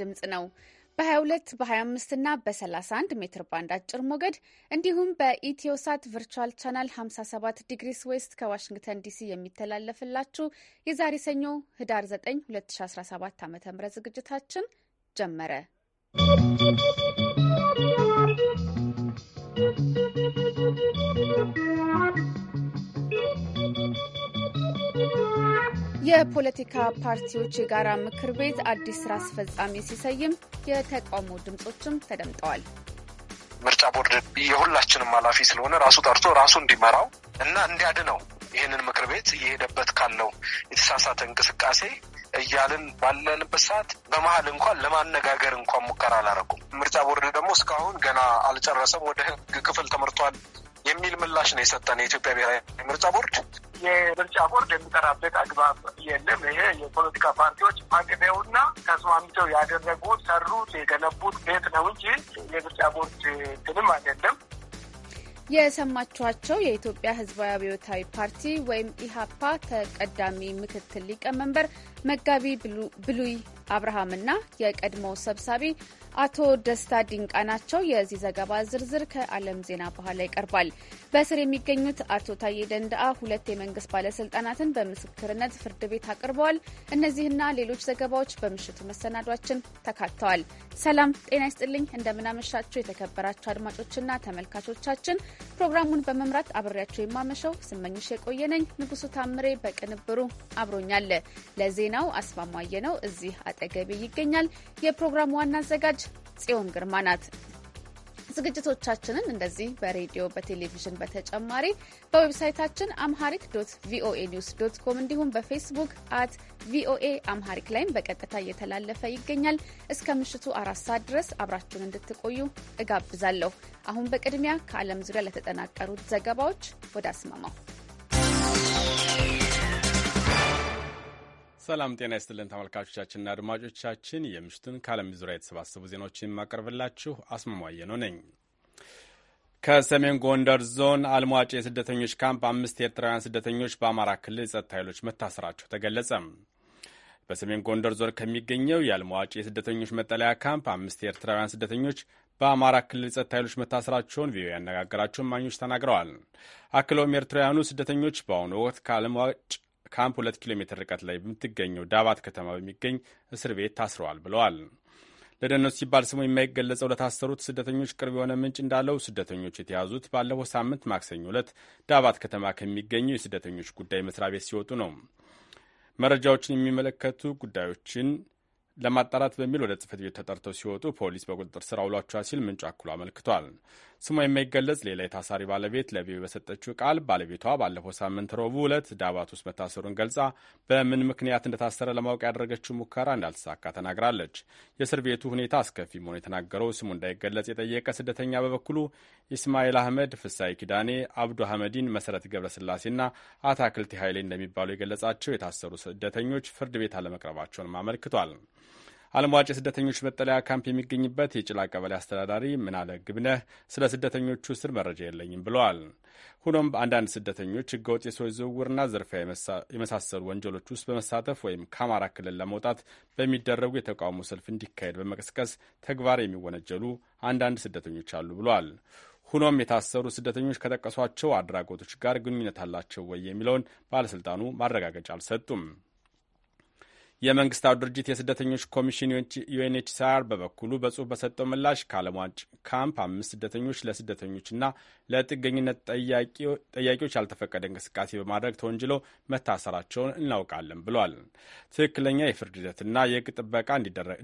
ድምፅ ነው። በ22 በ25 እና በ31 ሜትር ባንድ አጭር ሞገድ እንዲሁም በኢትዮሳት ቨርቹዋል ቻናል 57 ዲግሪስ ዌስት ከዋሽንግተን ዲሲ የሚተላለፍላችሁ የዛሬ ሰኞ ህዳር 9 2017 ዓ ም ዝግጅታችን ጀመረ። የፖለቲካ ፓርቲዎች የጋራ ምክር ቤት አዲስ ስራ አስፈጻሚ ሲሰይም የተቃውሞ ድምጾችም ተደምጠዋል። ምርጫ ቦርድ የሁላችንም ኃላፊ ስለሆነ ራሱ ጠርቶ ራሱ እንዲመራው እና እንዲያድነው ይህንን ምክር ቤት እየሄደበት ካለው የተሳሳተ እንቅስቃሴ እያልን ባለንበት ሰዓት በመሀል እንኳን ለማነጋገር እንኳን ሙከራ አላረጉም። ምርጫ ቦርድ ደግሞ እስካሁን ገና አልጨረሰም፣ ወደ ህግ ክፍል ተመርቷል የሚል ምላሽ ነው የሰጠን የኢትዮጵያ ብሔራዊ ምርጫ ቦርድ። የምርጫ ቦርድ የሚጠራበት አግባብ የለም። ይሄ የፖለቲካ ፓርቲዎች አቅደውና ተስማምተው ያደረጉት ሰሩት፣ የገነቡት ቤት ነው እንጂ የምርጫ ቦርድ ትንም አይደለም። የሰማችኋቸው የኢትዮጵያ ሕዝባዊ አብዮታዊ ፓርቲ ወይም ኢህአፓ ተቀዳሚ ምክትል ሊቀመንበር መጋቢ ብሉይ አብርሃምና የቀድሞ ሰብሳቢ አቶ ደስታ ድንቃ ናቸው። የዚህ ዘገባ ዝርዝር ከዓለም ዜና በኋላ ይቀርባል። በእስር የሚገኙት አቶ ታዬ ደንዳአ ሁለት የመንግስት ባለስልጣናትን በምስክርነት ፍርድ ቤት አቅርበዋል። እነዚህና ሌሎች ዘገባዎች በምሽቱ መሰናዷችን ተካተዋል። ሰላም ጤና ይስጥልኝ። እንደምናመሻችሁ የተከበራችሁ አድማጮችና ተመልካቾቻችን፣ ፕሮግራሙን በመምራት አብሬያቸው የማመሸው ስመኝሽ የቆየ ነኝ። ንጉሱ ታምሬ በቅንብሩ አብሮኛለ። ለዜናው አስማማየ ነው እዚህ አጠገቤ ይገኛል። የፕሮግራሙ ዋና አዘጋጅ ጽዮን ግርማ ናት። ዝግጅቶቻችንን እንደዚህ በሬዲዮ በቴሌቪዥን በተጨማሪ በዌብሳይታችን አምሃሪክ ዶት ቪኦኤ ኒውስ ዶት ኮም እንዲሁም በፌስቡክ አት ቪኦኤ አምሃሪክ ላይም በቀጥታ እየተላለፈ ይገኛል። እስከ ምሽቱ አራት ሰዓት ድረስ አብራችሁን እንድትቆዩ እጋብዛለሁ። አሁን በቅድሚያ ከዓለም ዙሪያ ለተጠናቀሩት ዘገባዎች ወደ አስማማው ሰላም ጤና ይስጥልን ተመልካቾቻችንና አድማጮቻችን፣ የምሽቱን ከዓለም ዙሪያ የተሰባሰቡ ዜናዎችን የማቀርብላችሁ አስማማየ ነው ነኝ። ከሰሜን ጎንደር ዞን አልሟጭ የስደተኞች ካምፕ አምስት ኤርትራውያን ስደተኞች በአማራ ክልል የጸጥታ ኃይሎች መታሰራቸው ተገለጸ። በሰሜን ጎንደር ዞን ከሚገኘው የአልሟጭ የስደተኞች መጠለያ ካምፕ አምስት ኤርትራውያን ስደተኞች በአማራ ክልል የጸጥታ ኃይሎች መታሰራቸውን ቪኦኤ ያነጋገራቸውን ማኞች ተናግረዋል። አክለውም ኤርትራውያኑ ስደተኞች በአሁኑ ወቅት ከአልሟጭ ካምፕ ሁለት ኪሎ ሜትር ርቀት ላይ በምትገኘው ዳባት ከተማ በሚገኝ እስር ቤት ታስረዋል ብለዋል። ለደህንነት ሲባል ስሙ የማይገለጸው ለታሰሩት ስደተኞች ቅርብ የሆነ ምንጭ እንዳለው ስደተኞች የተያዙት ባለፈው ሳምንት ማክሰኞ ዕለት ዳባት ከተማ ከሚገኘው የስደተኞች ጉዳይ መስሪያ ቤት ሲወጡ ነው። መረጃዎችን የሚመለከቱ ጉዳዮችን ለማጣራት በሚል ወደ ጽህፈት ቤት ተጠርተው ሲወጡ ፖሊስ በቁጥጥር ስር አውሏቸዋል ሲል ምንጩ አክሎ አመልክቷል። ስሟ የማይገለጽ ሌላ የታሳሪ ባለቤት ለቪኦኤ በሰጠችው ቃል ባለቤቷ ባለፈው ሳምንት ረቡዕ ዕለት ዳባት ውስጥ መታሰሩን ገልጻ በምን ምክንያት እንደታሰረ ለማወቅ ያደረገችው ሙከራ እንዳልተሳካ ተናግራለች። የእስር ቤቱ ሁኔታ አስከፊ መሆኑ የተናገረው ስሙ እንዳይገለጽ የጠየቀ ስደተኛ በበኩሉ ኢስማኤል አህመድ፣ ፍሳይ ኪዳኔ፣ አብዱ አህመዲን፣ መሰረት ገብረስላሴና አታክልቲ ኃይሌ እንደሚባሉ የገለጻቸው የታሰሩ ስደተኞች ፍርድ ቤት አለመቅረባቸውንም አመልክቷል። ዓለም ዋጭ የስደተኞች መጠለያ ካምፕ የሚገኝበት የጭላ ቀበሌ አስተዳዳሪ ምናለ ግብነህ ስለ ስደተኞቹ እስር መረጃ የለኝም ብለዋል። ሆኖም አንዳንድ ስደተኞች ህገወጥ የሰዎች ዝውውርና ዝርፊያ የመሳሰሉ ወንጀሎች ውስጥ በመሳተፍ ወይም ከአማራ ክልል ለመውጣት በሚደረጉ የተቃውሞ ሰልፍ እንዲካሄድ በመቀስቀስ ተግባር የሚወነጀሉ አንዳንድ ስደተኞች አሉ ብለዋል። ሆኖም የታሰሩ ስደተኞች ከጠቀሷቸው አድራጎቶች ጋር ግንኙነት አላቸው ወይ የሚለውን ባለስልጣኑ ማረጋገጫ አልሰጡም። የመንግስታቱ ድርጅት የስደተኞች ኮሚሽን ዩኤንኤችሲአር በበኩሉ በጽሁፍ በሰጠው ምላሽ ከዓለም ካምፕ አምስት ስደተኞች ለስደተኞችና ለጥገኝነት ጠያቂዎች ያልተፈቀደ እንቅስቃሴ በማድረግ ተወንጅለው መታሰራቸውን እናውቃለን ብሏል። ትክክለኛ የፍርድ ሂደትና የህግ ጥበቃ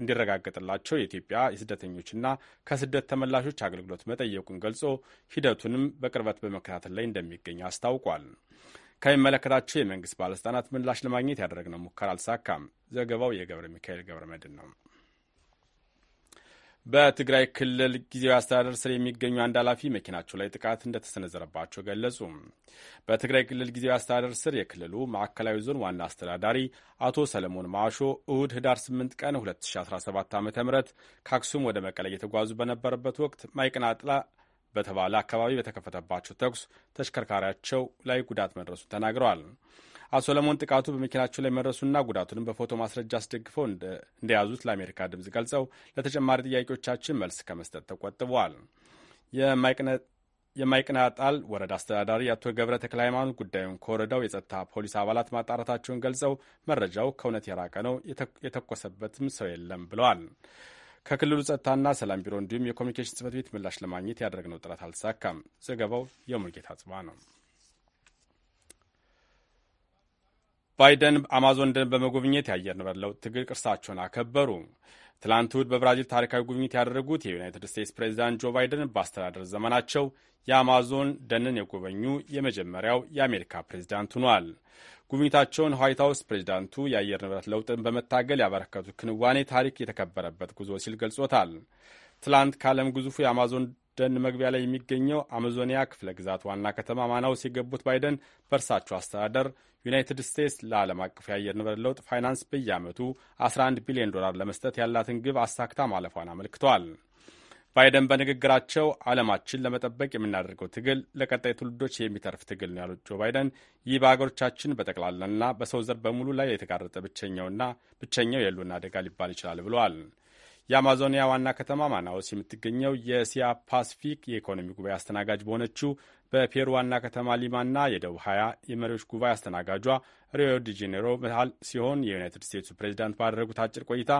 እንዲረጋገጥላቸው የኢትዮጵያ የስደተኞችና ከስደት ተመላሾች አገልግሎት መጠየቁን ገልጾ ሂደቱንም በቅርበት በመከታተል ላይ እንደሚገኝ አስታውቋል። ከሚመለከታቸው የመንግስት ባለስልጣናት ምላሽ ለማግኘት ያደረግነው ሙከራ አልተሳካም። ዘገባው የገብረ ሚካኤል ገብረ መድን ነው። በትግራይ ክልል ጊዜያዊ አስተዳደር ስር የሚገኙ አንድ ኃላፊ መኪናቸው ላይ ጥቃት እንደተሰነዘረባቸው ገለጹ። በትግራይ ክልል ጊዜያዊ አስተዳደር ስር የክልሉ ማዕከላዊ ዞን ዋና አስተዳዳሪ አቶ ሰለሞን ማሾ እሁድ ህዳር 8 ቀን 2017 ዓ ም ከአክሱም ወደ መቀለ እየተጓዙ በነበረበት ወቅት ማይቀናጥላ በተባለ አካባቢ በተከፈተባቸው ተኩስ ተሽከርካሪያቸው ላይ ጉዳት መድረሱን ተናግረዋል። አቶ ሰለሞን ጥቃቱ በመኪናቸው ላይ መድረሱና ጉዳቱንም በፎቶ ማስረጃ አስደግፈው እንደያዙት ለአሜሪካ ድምፅ ገልጸው ለተጨማሪ ጥያቄዎቻችን መልስ ከመስጠት ተቆጥበዋል። የማይቅናጣል ወረዳ አስተዳዳሪ አቶ ገብረ ተክለ ሃይማኖት ጉዳዩን ከወረዳው የጸጥታ ፖሊስ አባላት ማጣራታቸውን ገልጸው መረጃው ከእውነት የራቀ ነው፣ የተኮሰበትም ሰው የለም ብለዋል። ከክልሉ ጸጥታና ሰላም ቢሮ እንዲሁም የኮሚኒኬሽን ጽህፈት ቤት ምላሽ ለማግኘት ያደረግነው ጥረት አልተሳካም። ዘገባው የሙልጌታ ጽባ ነው። ባይደን አማዞን ደን በመጎብኘት የአየር ንብረት ለውጥ ትግል ቅርሳቸውን አከበሩ። ትላንት እሁድ በብራዚል ታሪካዊ ጉብኝት ያደረጉት የዩናይትድ ስቴትስ ፕሬዚዳንት ጆ ባይደን በአስተዳደር ዘመናቸው የአማዞን ደንን የጎበኙ የመጀመሪያው የአሜሪካ ፕሬዚዳንት ሆኗል። ጉብኝታቸውን ዋይት ሀውስ ፕሬዚዳንቱ የአየር ንብረት ለውጥን በመታገል ያበረከቱ ክንዋኔ ታሪክ የተከበረበት ጉዞ ሲል ገልጾታል። ትላንት ከዓለም ግዙፉ የአማዞን ደን መግቢያ ላይ የሚገኘው አማዞኒያ ክፍለ ግዛት ዋና ከተማ ማናውስ የገቡት ባይደን በእርሳቸው አስተዳደር ዩናይትድ ስቴትስ ለዓለም አቀፍ የአየር ንብረት ለውጥ ፋይናንስ በየዓመቱ 11 ቢሊዮን ዶላር ለመስጠት ያላትን ግብ አሳክታ ማለፏን አመልክተዋል። ባይደን በንግግራቸው ዓለማችን ለመጠበቅ የምናደርገው ትግል ለቀጣይ ትውልዶች የሚተርፍ ትግል ነው ያሉት ጆ ባይደን ይህ በሀገሮቻችን በጠቅላላና በሰው ዘር በሙሉ ላይ የተጋረጠ ብቸኛውና ብቸኛው የህልውና አደጋ ሊባል ይችላል ብለዋል። የአማዞኒያ ዋና ከተማ ማናወስ የምትገኘው የእስያ ፓሲፊክ የኢኮኖሚ ጉባኤ አስተናጋጅ በሆነችው በፔሩ ዋና ከተማ ሊማና የደቡብ ሀያ የመሪዎች ጉባኤ አስተናጋጇ ሪዮ ዲ ጄኔሮ መሃል ሲሆን የዩናይትድ ስቴትሱ ፕሬዚዳንት ባደረጉት አጭር ቆይታ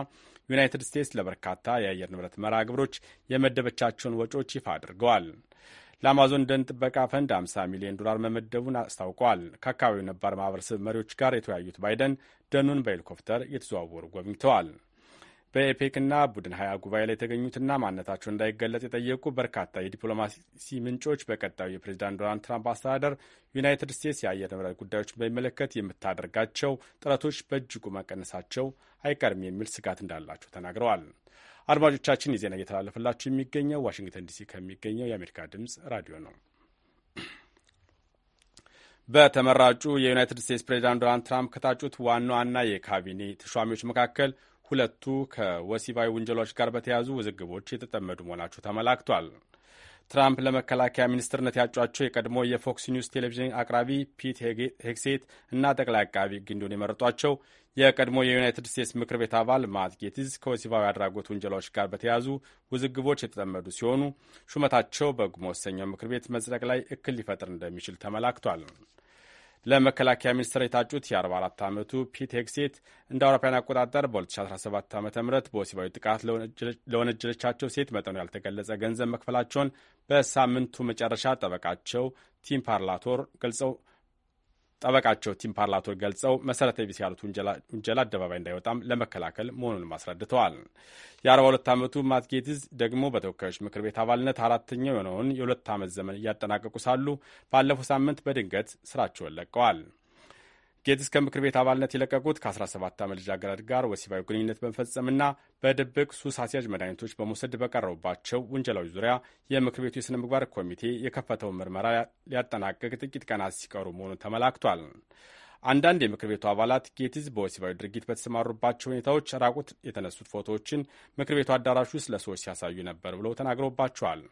ዩናይትድ ስቴትስ ለበርካታ የአየር ንብረት መርሃ ግብሮች የመደበቻቸውን ወጪዎች ይፋ አድርገዋል። ለአማዞን ደን ጥበቃ ፈንድ 50 ሚሊዮን ዶላር መመደቡን አስታውቋል። ከአካባቢው ነባር ማህበረሰብ መሪዎች ጋር የተወያዩት ባይደን ደኑን በሄሊኮፕተር እየተዘዋወሩ ጎብኝተዋል። በኤፔክና ቡድን ሀያ ጉባኤ ላይ የተገኙትና ማንነታቸው እንዳይገለጽ የጠየቁ በርካታ የዲፕሎማሲ ምንጮች በቀጣዩ የፕሬዚዳንት ዶናልድ ትራምፕ አስተዳደር ዩናይትድ ስቴትስ የአየር ንብረት ጉዳዮችን በሚመለከት የምታደርጋቸው ጥረቶች በእጅጉ መቀነሳቸው አይቀርም የሚል ስጋት እንዳላቸው ተናግረዋል። አድማጮቻችን የዜና እየተላለፈላቸው የሚገኘው ዋሽንግተን ዲሲ ከሚገኘው የአሜሪካ ድምጽ ራዲዮ ነው። በተመራጩ የዩናይትድ ስቴትስ ፕሬዚዳንት ዶናልድ ትራምፕ ከታጩት ዋና ዋና የካቢኔ ተሿሚዎች መካከል ሁለቱ ከወሲባዊ ውንጀላዎች ጋር በተያያዙ ውዝግቦች የተጠመዱ መሆናቸው ተመላክቷል። ትራምፕ ለመከላከያ ሚኒስትርነት ያጯቸው የቀድሞ የፎክስ ኒውስ ቴሌቪዥን አቅራቢ ፒት ሄግሴት እና ጠቅላይ አቃቢ ሕግ የመረጧቸው የቀድሞ የዩናይትድ ስቴትስ ምክር ቤት አባል ማት ጌትዝ ከወሲባዊ አድራጎት ውንጀላዎች ጋር በተያያዙ ውዝግቦች የተጠመዱ ሲሆኑ ሹመታቸው በሕግ መወሰኛው ምክር ቤት መጽደቅ ላይ እክል ሊፈጥር እንደሚችል ተመላክቷል። ለመከላከያ ሚኒስትር የታጩት የ44 ዓመቱ ፒት ሄግሴት እንደ አውሮፓውያን አቆጣጠር በ2017 ዓ ም በወሲባዊ ጥቃት ለወነጀለቻቸው ሴት መጠኑ ያልተገለጸ ገንዘብ መክፈላቸውን በሳምንቱ መጨረሻ ጠበቃቸው ቲም ፓርላቶር ገልጸው ጠበቃቸው ቲም ፓርላቶር ገልጸው መሰረተ ቢስ ያሉት ውንጀላ አደባባይ እንዳይወጣም ለመከላከል መሆኑንም አስረድተዋል። የ42 ዓመቱ ማትጌትዝ ደግሞ በተወካዮች ምክር ቤት አባልነት አራተኛው የሆነውን የሁለት ዓመት ዘመን እያጠናቀቁ ሳሉ ባለፈው ሳምንት በድንገት ስራቸውን ለቀዋል። ጌትስ ከምክር ቤት አባልነት የለቀቁት ከ17 ዓመት ልጃገረድ ጋር ወሲባዊ ግንኙነት በመፈጸምና በድብቅ ሱስ አስያዥ መድኃኒቶች በመውሰድ በቀረቡባቸው ውንጀላዎች ዙሪያ የምክር ቤቱ የሥነ ምግባር ኮሚቴ የከፈተውን ምርመራ ሊያጠናቅቅ ጥቂት ቀናት ሲቀሩ መሆኑን ተመላክቷል። አንዳንድ የምክር ቤቱ አባላት ጌትዝ በወሲባዊ ድርጊት በተሰማሩባቸው ሁኔታዎች ራቁት የተነሱት ፎቶዎችን ምክር ቤቱ አዳራሽ ውስጥ ለሰዎች ሲያሳዩ ነበር ብለው ተናግረውባቸዋል።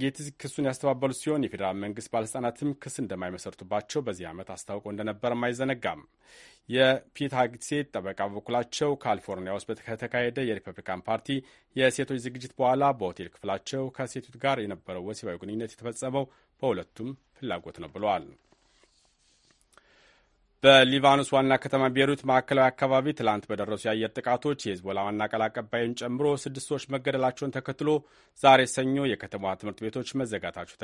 ጌትዝ ክሱን ያስተባበሉ ሲሆን የፌዴራል መንግስት ባለስልጣናትም ክስ እንደማይመሰርቱባቸው በዚህ ዓመት አስታውቀው እንደነበርም አይዘነጋም። የፒት ሄግሴት ጠበቃ በበኩላቸው ካሊፎርኒያ ውስጥ ከተካሄደ የሪፐብሊካን ፓርቲ የሴቶች ዝግጅት በኋላ በሆቴል ክፍላቸው ከሴቱት ጋር የነበረው ወሲባዊ ግንኙነት የተፈጸመው በሁለቱም ፍላጎት ነው ብለዋል። በሊባኖስ ዋና ከተማ ቤሩት ማዕከላዊ አካባቢ ትላንት በደረሱ የአየር ጥቃቶች የህዝቦላ ዋና ቃል አቀባይን ጨምሮ ስድስት ሰዎች መገደላቸውን ተከትሎ ዛሬ ሰኞ የከተማዋ ትምህርት ቤቶች መዘጋታቸው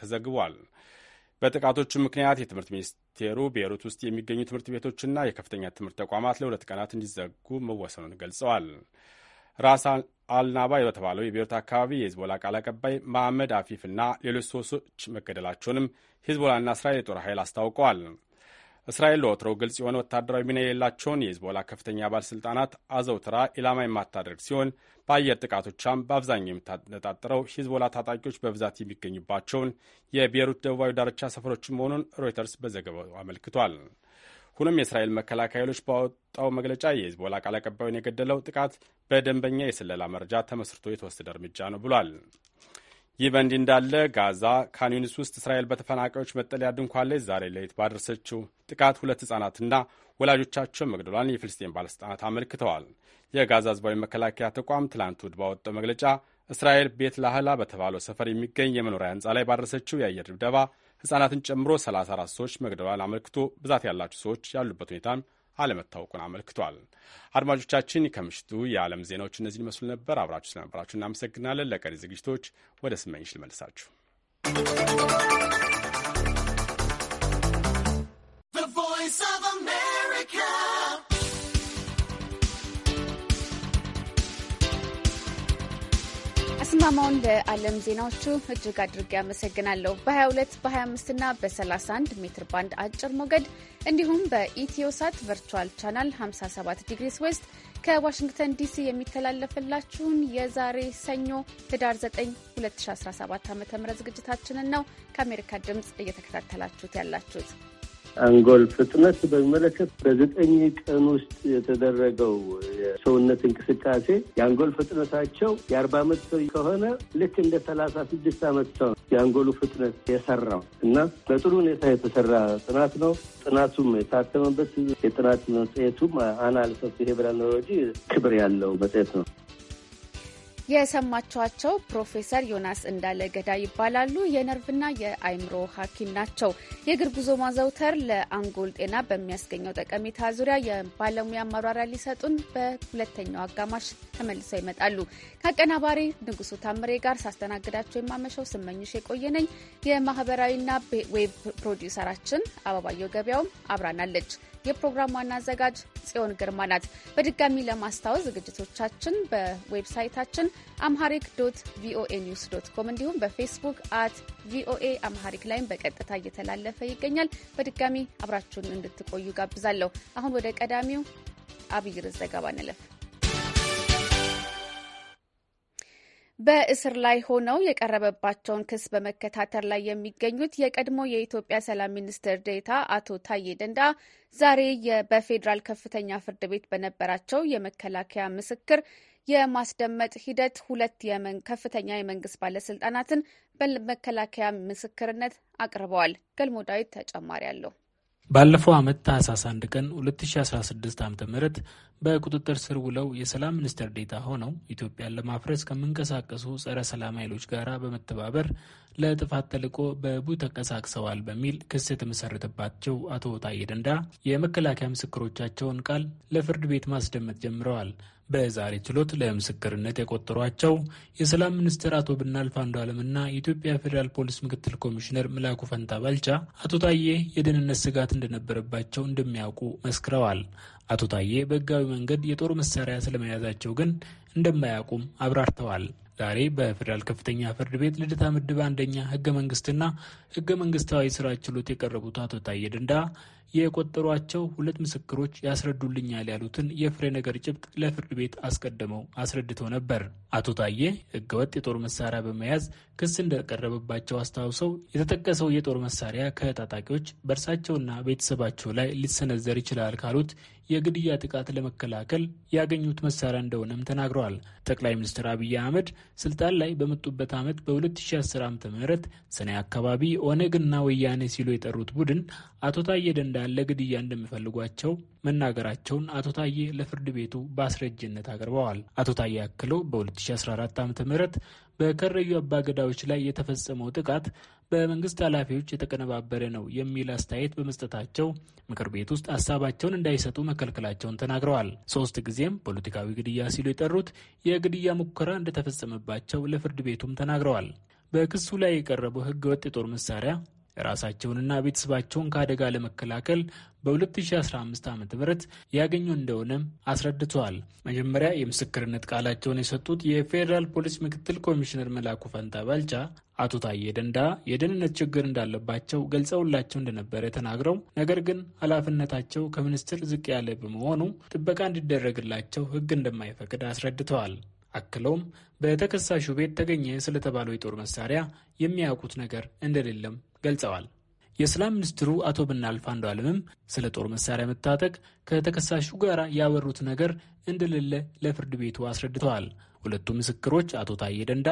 ተዘግቧል። በጥቃቶቹ ምክንያት የትምህርት ሚኒስቴሩ ቤሩት ውስጥ የሚገኙ ትምህርት ቤቶችና የከፍተኛ ትምህርት ተቋማት ለሁለት ቀናት እንዲዘጉ መወሰኑን ገልጸዋል። ራስ አልናባ በተባለው የቤሩት አካባቢ የህዝቦላ ቃል አቀባይ መሐመድ አፊፍ እና ሌሎች ሰዎች መገደላቸውንም ህዝቦላና እስራኤል የጦር ኃይል አስታውቀዋል። እስራኤል ለወትሮው ግልጽ የሆነ ወታደራዊ ሚና የሌላቸውን የሂዝቦላ ከፍተኛ ባለሥልጣናት አዘውትራ ኢላማ የማታደርግ ሲሆን በአየር ጥቃቶቿም በአብዛኛው የምታነጣጥረው ሂዝቦላ ታጣቂዎች በብዛት የሚገኙባቸውን የቤሩት ደቡባዊ ዳርቻ ሰፈሮች መሆኑን ሮይተርስ በዘገባው አመልክቷል። ሁሉም የእስራኤል መከላከያ ኃይሎች ባወጣው መግለጫ የሂዝቦላ ቃል አቀባዩን የገደለው ጥቃት በደንበኛ የስለላ መረጃ ተመስርቶ የተወሰደ እርምጃ ነው ብሏል። ይህ በእንዲህ እንዳለ ጋዛ ካን ዩኒስ ውስጥ እስራኤል በተፈናቃዮች መጠለያ ድንኳን ላይ ዛሬ ለይት ባደረሰችው ጥቃት ሁለት ሕፃናትና ወላጆቻቸው መግደሏን የፍልስጤን ባለሥልጣናት አመልክተዋል። የጋዛ ሕዝባዊ መከላከያ ተቋም ትላንት እሁድ ባወጣው መግለጫ እስራኤል ቤት ላህላ በተባለው ሰፈር የሚገኝ የመኖሪያ ሕንፃ ላይ ባደረሰችው የአየር ድብደባ ሕፃናትን ጨምሮ 34 ሰዎች መግደሏን አመልክቶ ብዛት ያላቸው ሰዎች ያሉበት ሁኔታን አለመታወቁን አመልክቷል። አድማጮቻችን፣ ከምሽቱ የዓለም ዜናዎች እነዚህ ይመስሉ ነበር። አብራችሁ ስለነበራችሁ እናመሰግናለን። ለቀሪ ዝግጅቶች ወደ ስመኝሽ ልመልሳችሁ። ማማውን ለዓለም ዜናዎቹ እጅግ አድርጌ አመሰግናለሁ። በ22 በ25 እና በ31 ሜትር ባንድ አጭር ሞገድ እንዲሁም በኢትዮሳት ቨርቹዋል ቻናል 57 ዲግሪስ ዌስት ከዋሽንግተን ዲሲ የሚተላለፍላችሁን የዛሬ ሰኞ ህዳር 9 2017 ዓ ም ዝግጅታችንን ነው ከአሜሪካ ድምፅ እየተከታተላችሁት ያላችሁት። አንጎል ፍጥነት በሚመለከት በዘጠኝ ቀን ውስጥ የተደረገው የሰውነት እንቅስቃሴ የአንጎል ፍጥነታቸው የአርባ ዓመት ሰው ከሆነ ልክ እንደ ሰላሳ ስድስት ዓመት ሰው የአንጎሉ ፍጥነት የሰራው እና በጥሩ ሁኔታ የተሰራ ጥናት ነው። ጥናቱም የታተመበት የጥናት መጽሔቱም አናልሰ ቢሄቪራል ኖሮጂ ክብር ያለው መጽሔት ነው። የሰማችኋቸው ፕሮፌሰር ዮናስ እንዳለ ገዳ ይባላሉ። የነርቭና የአይምሮ ሐኪም ናቸው። የእግር ጉዞ ማዘውተር ለአንጎል ጤና በሚያስገኘው ጠቀሜታ ዙሪያ የባለሙያ ማብራሪያ ሊሰጡን በሁለተኛው አጋማሽ ተመልሰው ይመጣሉ። ከአቀናባሪ ንጉሱ ታምሬ ጋር ሳስተናግዳቸው የማመሸው ስመኝሽ የቆየነኝ የማህበራዊና ዌብ ፕሮዲውሰራችን አበባየው ገበያውም አብራናለች። የፕሮግራም ዋና አዘጋጅ ጽዮን ግርማ ናት። በድጋሚ ለማስታወስ ዝግጅቶቻችን በዌብሳይታችን አምሃሪክ ዶት ቪኦኤ ኒውስ ዶት ኮም እንዲሁም በፌስቡክ አት ቪኦኤ አምሃሪክ ላይም በቀጥታ እየተላለፈ ይገኛል። በድጋሚ አብራችሁን እንድትቆዩ ጋብዛለሁ። አሁን ወደ ቀዳሚው አብይር ዘገባ እንለፍ። በእስር ላይ ሆነው የቀረበባቸውን ክስ በመከታተል ላይ የሚገኙት የቀድሞ የኢትዮጵያ ሰላም ሚኒስትር ዴታ አቶ ታዬ ደንዳ ዛሬ በፌዴራል ከፍተኛ ፍርድ ቤት በነበራቸው የመከላከያ ምስክር የማስደመጥ ሂደት ሁለት ከፍተኛ የመንግስት ባለስልጣናትን በመከላከያ ምስክርነት አቅርበዋል። ገልሞ ዳዊት ተጨማሪ አለው። ባለፈው ዓመት ታህሳስ አንድ ቀን 2016 ዓ.ም በቁጥጥር ስር ውለው የሰላም ሚኒስትር ዴታ ሆነው ኢትዮጵያን ለማፍረስ ከሚንቀሳቀሱ ጸረ ሰላም ኃይሎች ጋር በመተባበር ለጥፋት ተልዕኮ በቡ ተንቀሳቅሰዋል በሚል ክስ የተመሰረተባቸው አቶ ታዬ ደንዳ የመከላከያ ምስክሮቻቸውን ቃል ለፍርድ ቤት ማስደመጥ ጀምረዋል። በዛሬ ችሎት ለምስክርነት የቆጠሯቸው የሰላም ሚኒስትር አቶ ብናልፍ አንዱዓለምና የኢትዮጵያ ፌዴራል ፖሊስ ምክትል ኮሚሽነር ምላኩ ፈንታ ባልቻ አቶ ታዬ የደህንነት ስጋት እንደነበረባቸው እንደሚያውቁ መስክረዋል። አቶ ታዬ በህጋዊ መንገድ የጦር መሳሪያ ስለመያዛቸው ግን እንደማያውቁም አብራርተዋል። ዛሬ በፌዴራል ከፍተኛ ፍርድ ቤት ልደታ ምድብ አንደኛ ህገ መንግስትና ህገ መንግስታዊ ስራ ችሎት የቀረቡት አቶ ታዬ ደንዳ የቆጠሯቸው ሁለት ምስክሮች ያስረዱልኛል ያሉትን የፍሬ ነገር ጭብጥ ለፍርድ ቤት አስቀድመው አስረድተው ነበር። አቶ ታዬ ህገወጥ የጦር መሳሪያ በመያዝ ክስ እንደቀረበባቸው አስታውሰው የተጠቀሰው የጦር መሳሪያ ከታጣቂዎች በእርሳቸውና ቤተሰባቸው ላይ ሊሰነዘር ይችላል ካሉት የግድያ ጥቃት ለመከላከል ያገኙት መሳሪያ እንደሆነም ተናግረዋል። ጠቅላይ ሚኒስትር አብይ አህመድ ስልጣን ላይ በመጡበት ዓመት በ2010 ዓ.ም ሰኔ አካባቢ ኦነግና ወያኔ ሲሉ የጠሩት ቡድን አቶ ታዬ ደንደአ ለግድያ እንደሚፈልጓቸው መናገራቸውን አቶ ታዬ ለፍርድ ቤቱ በአስረጅነት አቅርበዋል። አቶ ታዬ አክለው በ2014 ዓ.ም በከረዩ አባገዳዎች ላይ የተፈጸመው ጥቃት በመንግስት ኃላፊዎች የተቀነባበረ ነው የሚል አስተያየት በመስጠታቸው ምክር ቤት ውስጥ ሀሳባቸውን እንዳይሰጡ መከልከላቸውን ተናግረዋል። ሶስት ጊዜም ፖለቲካዊ ግድያ ሲሉ የጠሩት የግድያ ሙከራ እንደተፈጸመባቸው ለፍርድ ቤቱም ተናግረዋል። በክሱ ላይ የቀረበው ህገ ወጥ የጦር መሳሪያ ራሳቸውንና ቤተሰባቸውን ከአደጋ ለመከላከል በ2015 ዓ ም ያገኙ እንደሆነም አስረድተዋል። መጀመሪያ የምስክርነት ቃላቸውን የሰጡት የፌዴራል ፖሊስ ምክትል ኮሚሽነር መላኩ ፈንታ ባልቻ አቶ ታዬ ደንዳ የደህንነት ችግር እንዳለባቸው ገልጸውላቸው እንደነበረ ተናግረው ነገር ግን ኃላፊነታቸው ከሚኒስትር ዝቅ ያለ በመሆኑ ጥበቃ እንዲደረግላቸው ሕግ እንደማይፈቅድ አስረድተዋል። አክለውም በተከሳሹ ቤት ተገኘ ስለተባለው የጦር መሳሪያ የሚያውቁት ነገር እንደሌለም ገልጸዋል። የሰላም ሚኒስትሩ አቶ ብናልፍ አለምም ስለ ጦር መሳሪያ መታጠቅ ከተከሳሹ ጋር ያወሩት ነገር እንደሌለ ለፍርድ ቤቱ አስረድተዋል። ሁለቱ ምስክሮች አቶ ታዬ ደንዳ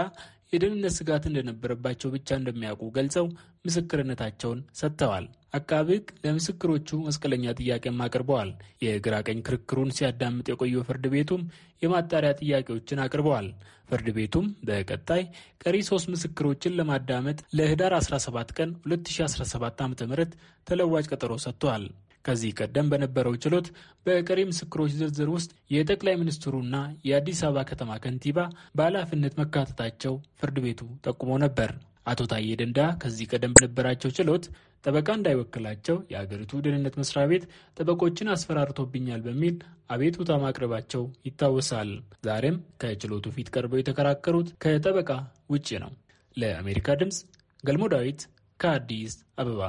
የደህንነት ስጋት እንደነበረባቸው ብቻ እንደሚያውቁ ገልጸው ምስክርነታቸውን ሰጥተዋል። አቃቤ ሕግ ለምስክሮቹ መስቀለኛ ጥያቄም አቅርበዋል። የግራ ቀኝ ክርክሩን ሲያዳምጥ የቆየው ፍርድ ቤቱም የማጣሪያ ጥያቄዎችን አቅርበዋል። ፍርድ ቤቱም በቀጣይ ቀሪ ሶስት ምስክሮችን ለማዳመጥ ለህዳር 17 ቀን 2017 ዓ ም ተለዋጭ ቀጠሮ ሰጥቷል። ከዚህ ቀደም በነበረው ችሎት በቀሪ ምስክሮች ዝርዝር ውስጥ የጠቅላይ ሚኒስትሩና የአዲስ አበባ ከተማ ከንቲባ በኃላፊነት መካተታቸው ፍርድ ቤቱ ጠቁሞ ነበር። አቶ ታዬ ደንዳ ከዚህ ቀደም በነበራቸው ችሎት ጠበቃ እንዳይወክላቸው የአገሪቱ ደህንነት መስሪያ ቤት ጠበቆችን አስፈራርቶብኛል በሚል አቤቱታ ማቅረባቸው ይታወሳል። ዛሬም ከችሎቱ ፊት ቀርበው የተከራከሩት ከጠበቃ ውጭ ነው። ለአሜሪካ ድምፅ ገልሞ ዳዊት ከአዲስ አበባ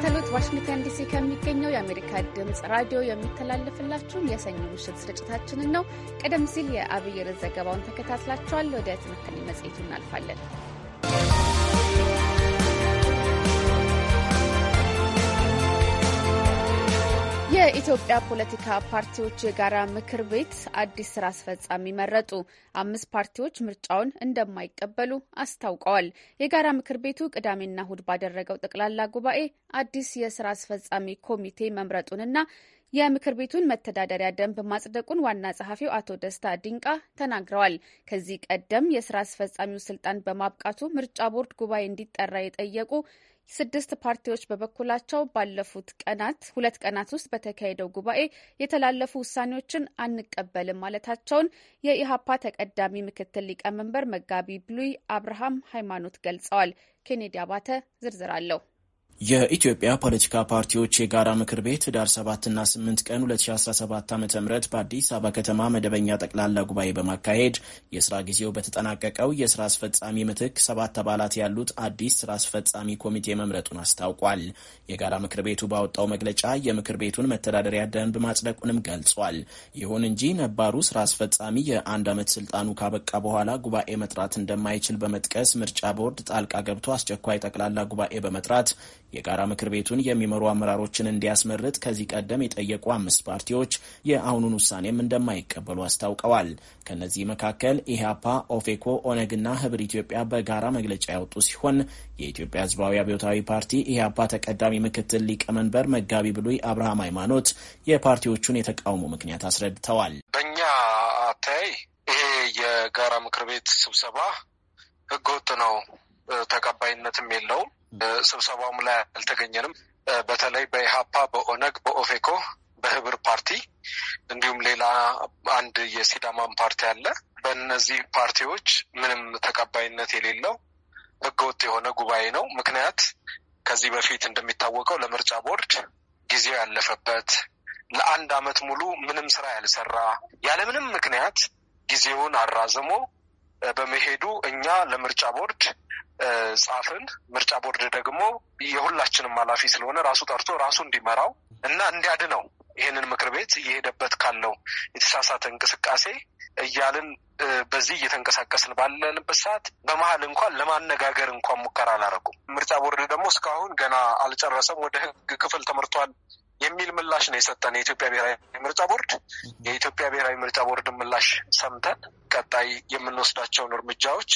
የምትከታተሉት ዋሽንግተን ዲሲ ከሚገኘው የአሜሪካ ድምፅ ራዲዮ የሚተላለፍላችሁን የሰኞ ምሽት ስርጭታችንን ነው። ቀደም ሲል የአብይር ዘገባውን ተከታትላችኋል። ወደ ትንታኔ መጽሔቱ እናልፋለን። የኢትዮጵያ ፖለቲካ ፓርቲዎች የጋራ ምክር ቤት አዲስ ስራ አስፈጻሚ መረጡ። አምስት ፓርቲዎች ምርጫውን እንደማይቀበሉ አስታውቀዋል። የጋራ ምክር ቤቱ ቅዳሜና እሁድ ባደረገው ጠቅላላ ጉባኤ አዲስ የስራ አስፈጻሚ ኮሚቴ መምረጡንና የምክር ቤቱን መተዳደሪያ ደንብ ማጽደቁን ዋና ጸሐፊው አቶ ደስታ ድንቃ ተናግረዋል። ከዚህ ቀደም የስራ አስፈጻሚው ስልጣን በማብቃቱ ምርጫ ቦርድ ጉባኤ እንዲጠራ የጠየቁ ስድስት ፓርቲዎች በበኩላቸው ባለፉት ቀናት ሁለት ቀናት ውስጥ በተካሄደው ጉባኤ የተላለፉ ውሳኔዎችን አንቀበልም ማለታቸውን የኢሀፓ ተቀዳሚ ምክትል ሊቀመንበር መጋቢ ብሉይ አብርሃም ሃይማኖት ገልጸዋል። ኬኔዲ አባተ ዝርዝር አለው። የኢትዮጵያ ፖለቲካ ፓርቲዎች የጋራ ምክር ቤት ህዳር 7 እና 8 ቀን 2017 ዓ ም በአዲስ አበባ ከተማ መደበኛ ጠቅላላ ጉባኤ በማካሄድ የስራ ጊዜው በተጠናቀቀው የስራ አስፈጻሚ ምትክ ሰባት አባላት ያሉት አዲስ ስራ አስፈጻሚ ኮሚቴ መምረጡን አስታውቋል። የጋራ ምክር ቤቱ ባወጣው መግለጫ የምክር ቤቱን መተዳደሪያ ደንብ ማጽደቁንም ገልጿል። ይሁን እንጂ ነባሩ ስራ አስፈጻሚ የአንድ ዓመት ስልጣኑ ካበቃ በኋላ ጉባኤ መጥራት እንደማይችል በመጥቀስ ምርጫ ቦርድ ጣልቃ ገብቶ አስቸኳይ ጠቅላላ ጉባኤ በመጥራት የጋራ ምክር ቤቱን የሚመሩ አመራሮችን እንዲያስመርጥ ከዚህ ቀደም የጠየቁ አምስት ፓርቲዎች የአሁኑን ውሳኔም እንደማይቀበሉ አስታውቀዋል። ከእነዚህ መካከል ኢህአፓ፣ ኦፌኮ፣ ኦነግና ህብር ኢትዮጵያ በጋራ መግለጫ ያወጡ ሲሆን የኢትዮጵያ ህዝባዊ አብዮታዊ ፓርቲ ኢህአፓ ተቀዳሚ ምክትል ሊቀመንበር መጋቢ ብሉይ አብርሃም ሃይማኖት የፓርቲዎቹን የተቃውሞ ምክንያት አስረድተዋል። በእኛ አተያይ ይሄ የጋራ ምክር ቤት ስብሰባ ህገወጥ ነው፣ ተቀባይነትም የለውም። ስብሰባውም ላይ አልተገኘንም። በተለይ በኢሃፓ፣ በኦነግ፣ በኦፌኮ፣ በህብር ፓርቲ እንዲሁም ሌላ አንድ የሲዳማን ፓርቲ አለ። በእነዚህ ፓርቲዎች ምንም ተቀባይነት የሌለው ህገወጥ የሆነ ጉባኤ ነው። ምክንያት ከዚህ በፊት እንደሚታወቀው ለምርጫ ቦርድ ጊዜው ያለፈበት ለአንድ አመት ሙሉ ምንም ስራ ያልሰራ ያለምንም ምክንያት ጊዜውን አራዝሞ በመሄዱ እኛ ለምርጫ ቦርድ ጻፍን። ምርጫ ቦርድ ደግሞ የሁላችንም ኃላፊ ስለሆነ ራሱ ጠርቶ ራሱ እንዲመራው እና እንዲያድነው ይህንን ምክር ቤት እየሄደበት ካለው የተሳሳተ እንቅስቃሴ እያልን በዚህ እየተንቀሳቀስን ባለንበት ሰዓት በመሀል እንኳን ለማነጋገር እንኳን ሙከራ አላረጉም። ምርጫ ቦርድ ደግሞ እስካሁን ገና አልጨረሰም፣ ወደ ህግ ክፍል ተመርቷል የሚል ምላሽ ነው የሰጠን የኢትዮጵያ ብሔራዊ ምርጫ ቦርድ። የኢትዮጵያ ብሔራዊ ምርጫ ቦርድን ምላሽ ሰምተን ቀጣይ የምንወስዳቸውን እርምጃዎች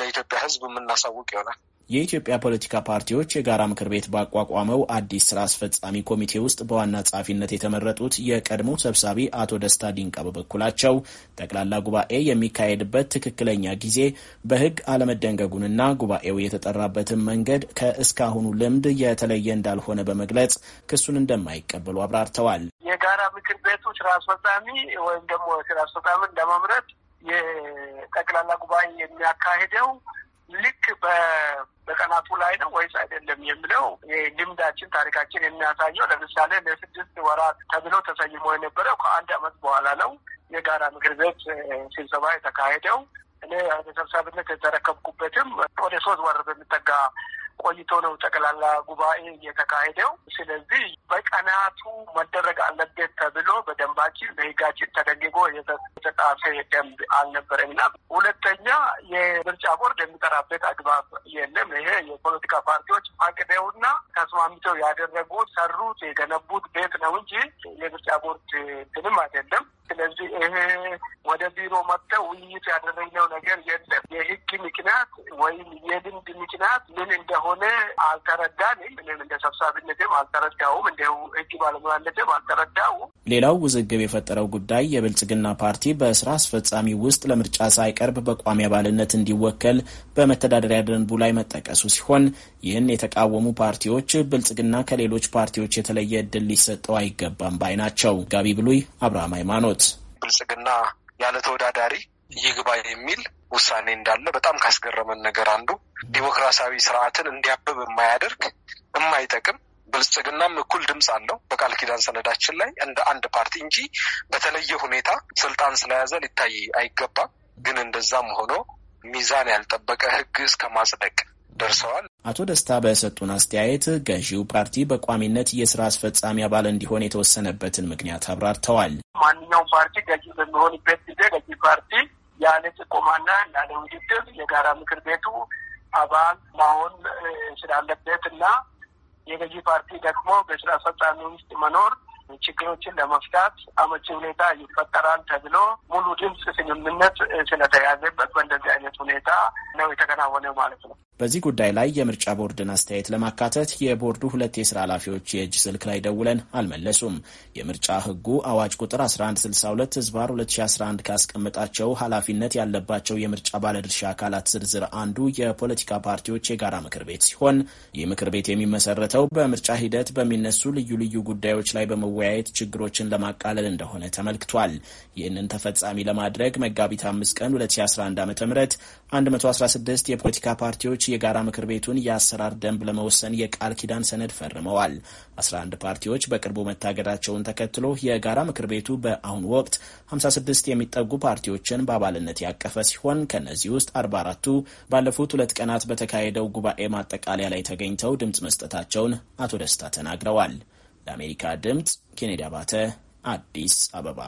ለኢትዮጵያ ሕዝብ የምናሳውቅ ይሆናል። የኢትዮጵያ ፖለቲካ ፓርቲዎች የጋራ ምክር ቤት ባቋቋመው አዲስ ስራ አስፈጻሚ ኮሚቴ ውስጥ በዋና ጸሐፊነት የተመረጡት የቀድሞ ሰብሳቢ አቶ ደስታ ዲንቃ በበኩላቸው ጠቅላላ ጉባኤ የሚካሄድበት ትክክለኛ ጊዜ በሕግ አለመደንገጉንና ጉባኤው የተጠራበትን መንገድ ከእስካሁኑ ልምድ የተለየ እንዳልሆነ በመግለጽ ክሱን እንደማይቀበሉ አብራርተዋል። የጋራ ምክር ቤቱ ስራ አስፈጻሚ ወይም ደግሞ ስራ አስፈጻሚን ለመምረጥ የጠቅላላ ጉባኤ የሚያካሂደው ልክ በቀናቱ ላይ ነው ወይስ አይደለም የሚለው ልምዳችን፣ ታሪካችን የሚያሳየው ለምሳሌ ለስድስት ወራት ተብሎ ተሰይሞ የነበረው ከአንድ አመት በኋላ ነው የጋራ ምክር ቤት ስብሰባ የተካሄደው። እኔ በሰብሳቢነት የተረከብኩበትም ወደ ሶስት ወር በሚጠጋ ቆይቶ ነው ጠቅላላ ጉባኤ እየተካሄደው። ስለዚህ በቀናቱ መደረግ አለበት ተብሎ በደንባችን በህጋችን ተደግጎ የተጻፈ ደንብ አልነበረም እና ሁለተኛ የምርጫ ቦርድ የሚጠራበት አግባብ የለም። ይሄ የፖለቲካ ፓርቲዎች አቅደውና ተስማምተው ያደረጉት ሰሩት፣ የገነቡት ቤት ነው እንጂ የምርጫ ቦርድ እንትንም አይደለም። ስለዚህ ይሄ ወደ ቢሮ መጥተው ውይይት ያደረግነው ነገር የለም። የህግ ምክንያት ወይም የልምድ ምክንያት ምን እንደሆነ እንደሆነ አልተረዳንም። እኔም እንደ ሰብሳቢነትም አልተረዳውም፣ እንዲሁ እጅ ባለሙያነትም አልተረዳውም። ሌላው ውዝግብ የፈጠረው ጉዳይ የብልጽግና ፓርቲ በስራ አስፈጻሚ ውስጥ ለምርጫ ሳይቀርብ በቋሚ አባልነት እንዲወከል በመተዳደሪያ ደንቡ ላይ መጠቀሱ ሲሆን ይህን የተቃወሙ ፓርቲዎች ብልጽግና ከሌሎች ፓርቲዎች የተለየ እድል ሊሰጠው አይገባም ባይ ናቸው። ጋቢ ብሉይ አብርሃም ሃይማኖት ብልጽግና ያለ ተወዳዳሪ ይግባ የሚል ውሳኔ እንዳለ በጣም ካስገረመን ነገር አንዱ ዲሞክራሲያዊ ስርዓትን እንዲያብብ የማያደርግ የማይጠቅም ብልጽግናም እኩል ድምፅ አለው በቃል ኪዳን ሰነዳችን ላይ እንደ አንድ ፓርቲ እንጂ በተለየ ሁኔታ ስልጣን ስለያዘ ሊታይ አይገባም። ግን እንደዛም ሆኖ ሚዛን ያልጠበቀ ህግ እስከ ማጽደቅ ደርሰዋል። አቶ ደስታ በሰጡን አስተያየት ገዢው ፓርቲ በቋሚነት የስራ አስፈጻሚ አባል እንዲሆን የተወሰነበትን ምክንያት አብራርተዋል። ማንኛውም ፓርቲ ገዢ በሚሆንበት ጊዜ ገዢ ፓርቲ ያለ ጥቆማና ያለ ውድድር የጋራ ምክር ቤቱ አባል መሆን ስላለበት እና የገዢ ፓርቲ ደግሞ በስራ አስፈጻሚ ውስጥ መኖር ችግሮችን ለመፍታት አመቺ ሁኔታ ይፈጠራል ተብሎ ሙሉ ድምፅ ስምምነት ስለተያዘበት በእንደዚህ አይነት ሁኔታ ነው የተከናወነ ማለት ነው። በዚህ ጉዳይ ላይ የምርጫ ቦርድን አስተያየት ለማካተት የቦርዱ ሁለት የስራ ኃላፊዎች የእጅ ስልክ ላይ ደውለን አልመለሱም። የምርጫ ህጉ አዋጅ ቁጥር 1162 ህዝባር 2011 ካስቀመጣቸው ኃላፊነት ያለባቸው የምርጫ ባለድርሻ አካላት ዝርዝር አንዱ የፖለቲካ ፓርቲዎች የጋራ ምክር ቤት ሲሆን ይህ ምክር ቤት የሚመሰረተው በምርጫ ሂደት በሚነሱ ልዩ ልዩ ጉዳዮች ላይ በመ መወያየት ችግሮችን ለማቃለል እንደሆነ ተመልክቷል። ይህንን ተፈጻሚ ለማድረግ መጋቢት አምስት ቀን 2011 ዓ ም 116 የፖለቲካ ፓርቲዎች የጋራ ምክር ቤቱን የአሰራር ደንብ ለመወሰን የቃል ኪዳን ሰነድ ፈርመዋል። 11 ፓርቲዎች በቅርቡ መታገዳቸውን ተከትሎ የጋራ ምክር ቤቱ በአሁኑ ወቅት 56 የሚጠጉ ፓርቲዎችን በአባልነት ያቀፈ ሲሆን ከእነዚህ ውስጥ 44ቱ ባለፉት ሁለት ቀናት በተካሄደው ጉባኤ ማጠቃለያ ላይ ተገኝተው ድምፅ መስጠታቸውን አቶ ደስታ ተናግረዋል። ለአሜሪካ ድምፅ ኬኔዲ አባተ አዲስ አበባ።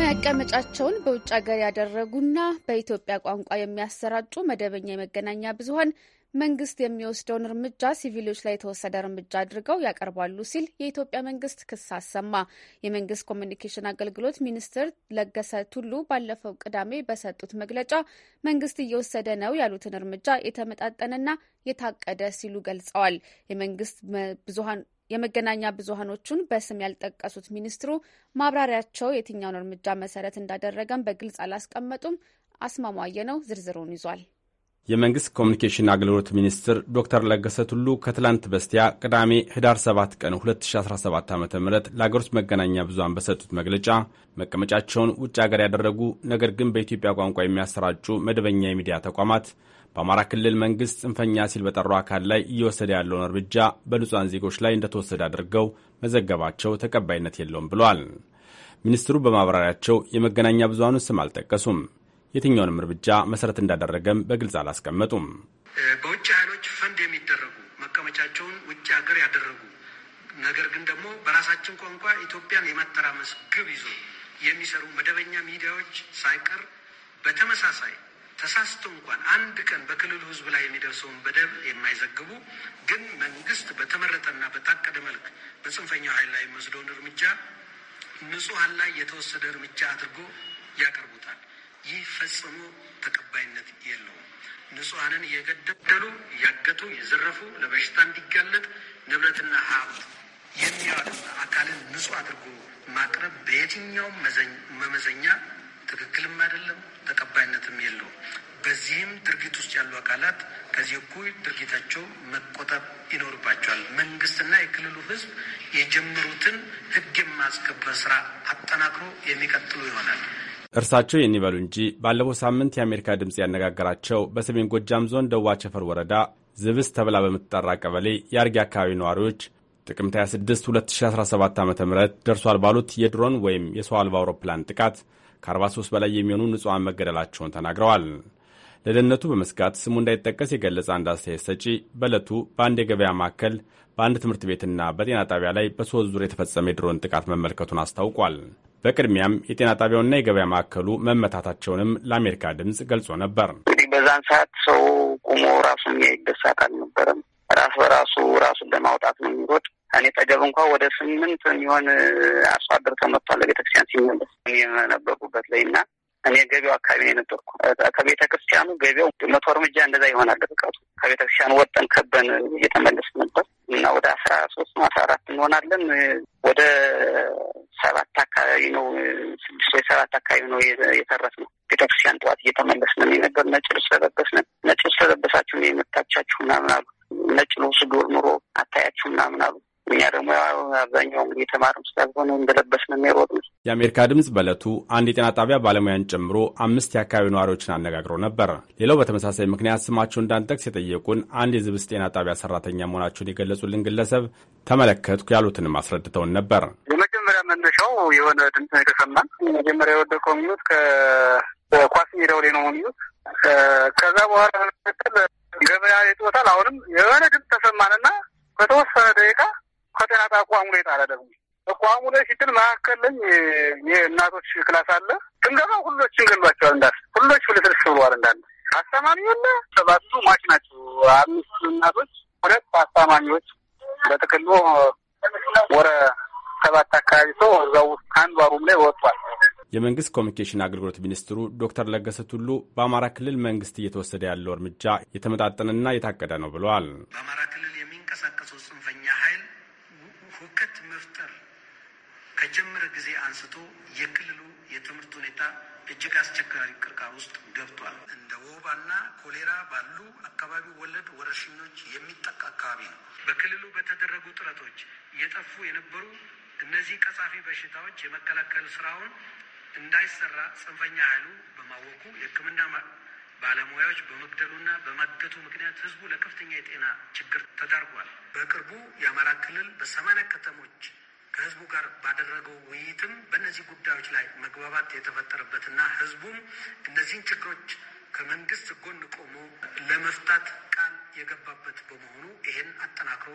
መቀመጫቸውን በውጭ ሀገር ያደረጉና በኢትዮጵያ ቋንቋ የሚያሰራጩ መደበኛ የመገናኛ ብዙኃን መንግስት የሚወስደውን እርምጃ ሲቪሎች ላይ የተወሰደ እርምጃ አድርገው ያቀርባሉ ሲል የኢትዮጵያ መንግስት ክስ አሰማ። የመንግስት ኮሚኒኬሽን አገልግሎት ሚኒስትር ለገሰ ቱሉ ባለፈው ቅዳሜ በሰጡት መግለጫ መንግስት እየወሰደ ነው ያሉትን እርምጃ የተመጣጠነና የታቀደ ሲሉ ገልጸዋል። የመንግስት ብዙሀን የመገናኛ ብዙሀኖቹን በስም ያልጠቀሱት ሚኒስትሩ ማብራሪያቸው የትኛውን እርምጃ መሰረት እንዳደረገም በግልጽ አላስቀመጡም። አስማማየ ነው ዝርዝሩን ይዟል። የመንግሥት ኮሚኒኬሽን አገልግሎት ሚኒስትር ዶክተር ለገሰ ቱሉ ከትላንት በስቲያ ቅዳሜ ህዳር 7 ቀን 2017 ዓ ም ለአገር ውስጥ መገናኛ ብዙሃን በሰጡት መግለጫ መቀመጫቸውን ውጭ ሀገር ያደረጉ ነገር ግን በኢትዮጵያ ቋንቋ የሚያሰራጩ መደበኛ የሚዲያ ተቋማት በአማራ ክልል መንግሥት ጽንፈኛ ሲል በጠራው አካል ላይ እየወሰደ ያለውን እርምጃ በንጹሐን ዜጎች ላይ እንደተወሰደ አድርገው መዘገባቸው ተቀባይነት የለውም ብለዋል። ሚኒስትሩ በማብራሪያቸው የመገናኛ ብዙሃኑን ስም አልጠቀሱም። የትኛውንም እርምጃ መሰረት እንዳደረገም በግልጽ አላስቀመጡም። በውጭ ኃይሎች ፈንድ የሚደረጉ መቀመጫቸውን ውጭ ሀገር ያደረጉ ነገር ግን ደግሞ በራሳችን ቋንቋ ኢትዮጵያን የማተራመስ ግብ ይዞ የሚሰሩ መደበኛ ሚዲያዎች ሳይቀር በተመሳሳይ ተሳስቶ እንኳን አንድ ቀን በክልሉ ሕዝብ ላይ የሚደርሰውን በደል የማይዘግቡ ግን መንግስት በተመረጠና በታቀደ መልክ በጽንፈኛው ኃይል ላይ የሚወስደውን እርምጃ ንጹሐን ላይ የተወሰደ እርምጃ አድርጎ ያቀርቡታል። ይህ ፈጽሞ ተቀባይነት የለውም። ንጹሐንን እየገደደሉ እያገቱ የዘረፉ ለበሽታ እንዲጋለጥ ንብረትና ሀብት የሚያሉ አካልን ንጹህ አድርጎ ማቅረብ በየትኛውም መመዘኛ ትክክልም አይደለም፣ ተቀባይነትም የለውም። በዚህም ድርጊት ውስጥ ያሉ አካላት ከዚህ እኩይ ድርጊታቸው መቆጠብ ይኖርባቸዋል። መንግስትና የክልሉ ህዝብ የጀመሩትን ህግ የማስከበር ስራ አጠናክሮ የሚቀጥሉ ይሆናል። እርሳቸው ይህን ይበሉ እንጂ ባለፈው ሳምንት የአሜሪካ ድምፅ ያነጋገራቸው በሰሜን ጎጃም ዞን ደዋ ቸፈር ወረዳ ዝብስ ተብላ በምትጠራ ቀበሌ የአርጌ አካባቢ ነዋሪዎች ጥቅምት 26 2017 ዓ ም ደርሷል ባሉት የድሮን ወይም የሰው አልባ አውሮፕላን ጥቃት ከ43 በላይ የሚሆኑ ንጹሐን መገደላቸውን ተናግረዋል። ለደህንነቱ በመስጋት ስሙ እንዳይጠቀስ የገለጸ አንድ አስተያየት ሰጪ በዕለቱ በአንድ የገበያ ማዕከል፣ በአንድ ትምህርት ቤትና በጤና ጣቢያ ላይ በሶስት ዙር የተፈጸመ የድሮን ጥቃት መመልከቱን አስታውቋል። በቅድሚያም የጤና ጣቢያውና የገበያ ማዕከሉ መመታታቸውንም ለአሜሪካ ድምፅ ገልጾ ነበር። እንግዲህ በዛን ሰዓት ሰው ቁሞ ራሱን የሚያይበት ሰዓት አልነበረም። ራስ በራሱ ራሱን ለማውጣት ነው የሚሮጥ። እኔ ጠገብ እንኳ ወደ ስምንት የሚሆን አርሶ አደር ተመቷል። ለቤተክርስቲያን ሲመለስ የመነበቁበት ላይ እና እኔ ገቢው አካባቢ ነው የነበርኩ። ከቤተ ክርስቲያኑ ገቢው መቶ እርምጃ እንደዛ ይሆናል ርቀቱ። ከቤተ ክርስቲያኑ ወጠን ከበን እየተመለስ ነበር እና ወደ አስራ ሶስት ነው አስራ አራት እንሆናለን። ወደ ሰባት አካባቢ ነው ስድስት ወይ ሰባት አካባቢ ነው የተረፍ ነው። ቤተክርስቲያን ጠዋት እየተመለስን ነው የነበር። ነጭ ልብስ ለበስን። ነጭ ልብስ ለበሳችሁ ነው የመታቻችሁ ምናምን አሉ። ነጭ ልብሱ ዶር ኑሮ አታያችሁ ምናምን አሉ። እኛ ደግሞ አብዛኛው እንግዲህ የተማርም ስላልሆነ እንደለበስ ነው የሚሮጥ። የአሜሪካ ድምጽ በእለቱ አንድ የጤና ጣቢያ ባለሙያን ጨምሮ አምስት የአካባቢ ነዋሪዎችን አነጋግሮ ነበር። ሌላው በተመሳሳይ ምክንያት ስማቸው እንዳንጠቅስ የጠየቁን አንድ የዝብስ ጤና ጣቢያ ሰራተኛ መሆናቸውን የገለጹልን ግለሰብ ተመለከትኩ ያሉትንም አስረድተውን ነበር። የመጀመሪያ መነሻው የሆነ ድምፅ ነው የተሰማን። መጀመሪያ የወደቀው ሚሉት ከኳስ ሜዳው ላይ ነው ሚሉት። ከዛ በኋላ ገበያ ይጦታል። አሁንም የሆነ ድምፅ ተሰማንና በተወሰነ ደቂቃ ፈተና በአቋሙሌ ጣለ ደግሞ ላይ ሲትል መካከል ለኝ የእናቶች ክላስ አለ ስንገባ ሁሎችን ገሏቸዋል። እንዳስ ሁሎች ሁለትርስ ብሏል። እንዳለ አስተማሚ የለ ሰባቱ ማች ናቸው። አምስቱ እናቶች፣ ሁለት አስተማሚዎች በጥቅሉ ወረ ሰባት አካባቢ ሰው እዛ ውስጥ አንዱ አሩም ላይ ወጥቷል። የመንግስት ኮሚኒኬሽን አገልግሎት ሚኒስትሩ ዶክተር ለገሰ ቱሉ በአማራ ክልል መንግስት እየተወሰደ ያለው እርምጃ የተመጣጠነና የታቀደ ነው ብለዋል። በአማራ ክልል የሚ ከጀመረ ጊዜ አንስቶ የክልሉ የትምህርት ሁኔታ እጅግ አስቸጋሪ ቅርቃር ውስጥ ገብቷል። እንደ ወባና ኮሌራ ባሉ አካባቢ ወለድ ወረርሽኞች የሚጠቃ አካባቢ ነው። በክልሉ በተደረጉ ጥረቶች የጠፉ የነበሩ እነዚህ ቀጻፊ በሽታዎች የመከላከል ስራውን እንዳይሰራ ጽንፈኛ ኃይሉ በማወቁ የሕክምና ባለሙያዎች በመግደሉና በማገቱ ምክንያት ህዝቡ ለከፍተኛ የጤና ችግር ተዳርጓል። በቅርቡ የአማራ ክልል በሰማንያ ከተሞች ከህዝቡ ጋር ባደረገው ውይይትም በእነዚህ ጉዳዮች ላይ መግባባት የተፈጠረበትና ህዝቡም እነዚህን ችግሮች ከመንግስት ጎን ቆሞ ለመፍታት ቃል የገባበት በመሆኑ ይህን አጠናክሮ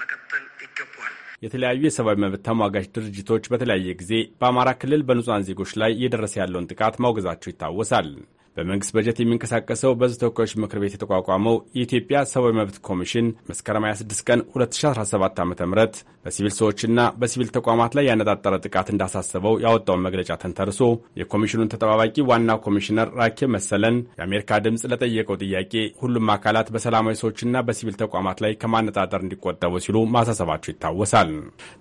መቀጠል ይገባዋል። የተለያዩ የሰብአዊ መብት ተሟጋች ድርጅቶች በተለያየ ጊዜ በአማራ ክልል በንጹሐን ዜጎች ላይ እየደረሰ ያለውን ጥቃት ማውገዛቸው ይታወሳል። በመንግስት በጀት የሚንቀሳቀሰው በሕዝብ ተወካዮች ምክር ቤት የተቋቋመው የኢትዮጵያ ሰብአዊ መብት ኮሚሽን መስከረም 26 ቀን 2017 ዓ ም በሲቪል ሰዎችና በሲቪል ተቋማት ላይ ያነጣጠረ ጥቃት እንዳሳሰበው ያወጣውን መግለጫ ተንተርሶ የኮሚሽኑን ተጠባባቂ ዋና ኮሚሽነር ራኬብ መሰለን የአሜሪካ ድምፅ ለጠየቀው ጥያቄ ሁሉም አካላት በሰላማዊ ሰዎችና በሲቪል ተቋማት ላይ ከማነጣጠር እንዲቆጠቡ ሲሉ ማሳሰባቸው ይታወሳል።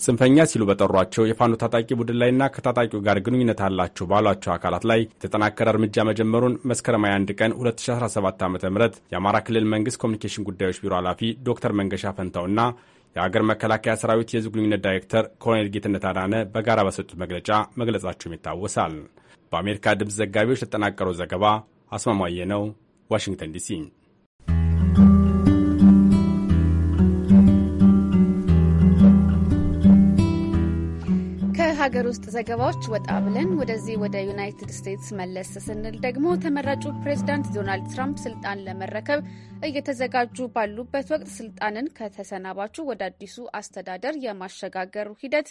ጽንፈኛ ሲሉ በጠሯቸው የፋኖ ታጣቂ ቡድን ላይና ከታጣቂው ጋር ግንኙነት አላቸው ባሏቸው አካላት ላይ የተጠናከረ እርምጃ መጀመሩን መስከረም 21 ቀን 2017 ዓ ም የአማራ ክልል መንግሥት ኮሚኒኬሽን ጉዳዮች ቢሮ ኃላፊ ዶክተር መንገሻ ፈንታውና የአገር መከላከያ ሰራዊት የህዝብ ግንኙነት ዳይሬክተር ኮሎኔል ጌትነት አዳነ በጋራ በሰጡት መግለጫ መግለጻቸውም ይታወሳል። በአሜሪካ ድምፅ ዘጋቢዎች ለተጠናቀረው ዘገባ አስማማየ ነው፣ ዋሽንግተን ዲሲ ከሀገር ውስጥ ዘገባዎች ወጣ ብለን ወደዚህ ወደ ዩናይትድ ስቴትስ መለስ ስንል ደግሞ ተመራጩ ፕሬዚዳንት ዶናልድ ትራምፕ ስልጣን ለመረከብ እየተዘጋጁ ባሉበት ወቅት ስልጣንን ከተሰናባቹ ወደ አዲሱ አስተዳደር የማሸጋገሩ ሂደት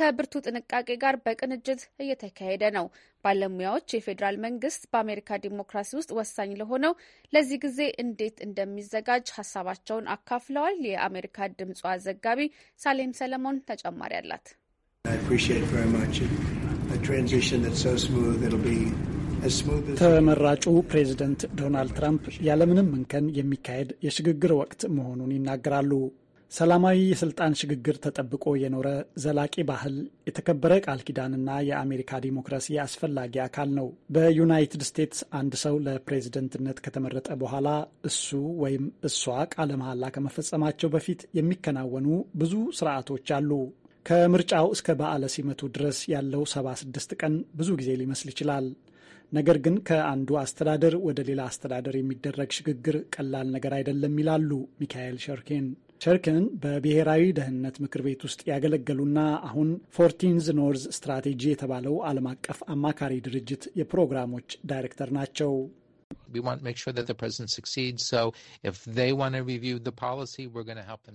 ከብርቱ ጥንቃቄ ጋር በቅንጅት እየተካሄደ ነው። ባለሙያዎች የፌዴራል መንግስት በአሜሪካ ዲሞክራሲ ውስጥ ወሳኝ ለሆነው ለዚህ ጊዜ እንዴት እንደሚዘጋጅ ሀሳባቸውን አካፍለዋል። የአሜሪካ ድምጿ ዘጋቢ ሳሌም ሰለሞን ተጨማሪ አላት። ተመራጩ ፕሬዝደንት ዶናልድ ትራምፕ ያለምንም እንከን የሚካሄድ የሽግግር ወቅት መሆኑን ይናገራሉ። ሰላማዊ የስልጣን ሽግግር ተጠብቆ የኖረ ዘላቂ ባህል፣ የተከበረ ቃል ኪዳንና የአሜሪካ ዲሞክራሲ አስፈላጊ አካል ነው። በዩናይትድ ስቴትስ አንድ ሰው ለፕሬዝደንትነት ከተመረጠ በኋላ እሱ ወይም እሷ ቃለ መሐላ ከመፈጸማቸው በፊት የሚከናወኑ ብዙ ስርዓቶች አሉ። ከምርጫው እስከ በዓለ ሲመቱ ድረስ ያለው 76 ቀን ብዙ ጊዜ ሊመስል ይችላል። ነገር ግን ከአንዱ አስተዳደር ወደ ሌላ አስተዳደር የሚደረግ ሽግግር ቀላል ነገር አይደለም ይላሉ ሚካኤል ሸርኬን። ሸርክን በብሔራዊ ደህንነት ምክር ቤት ውስጥ ያገለገሉና አሁን ፎርቲንዝ ኖርዝ ስትራቴጂ የተባለው ዓለም አቀፍ አማካሪ ድርጅት የፕሮግራሞች ዳይሬክተር ናቸው።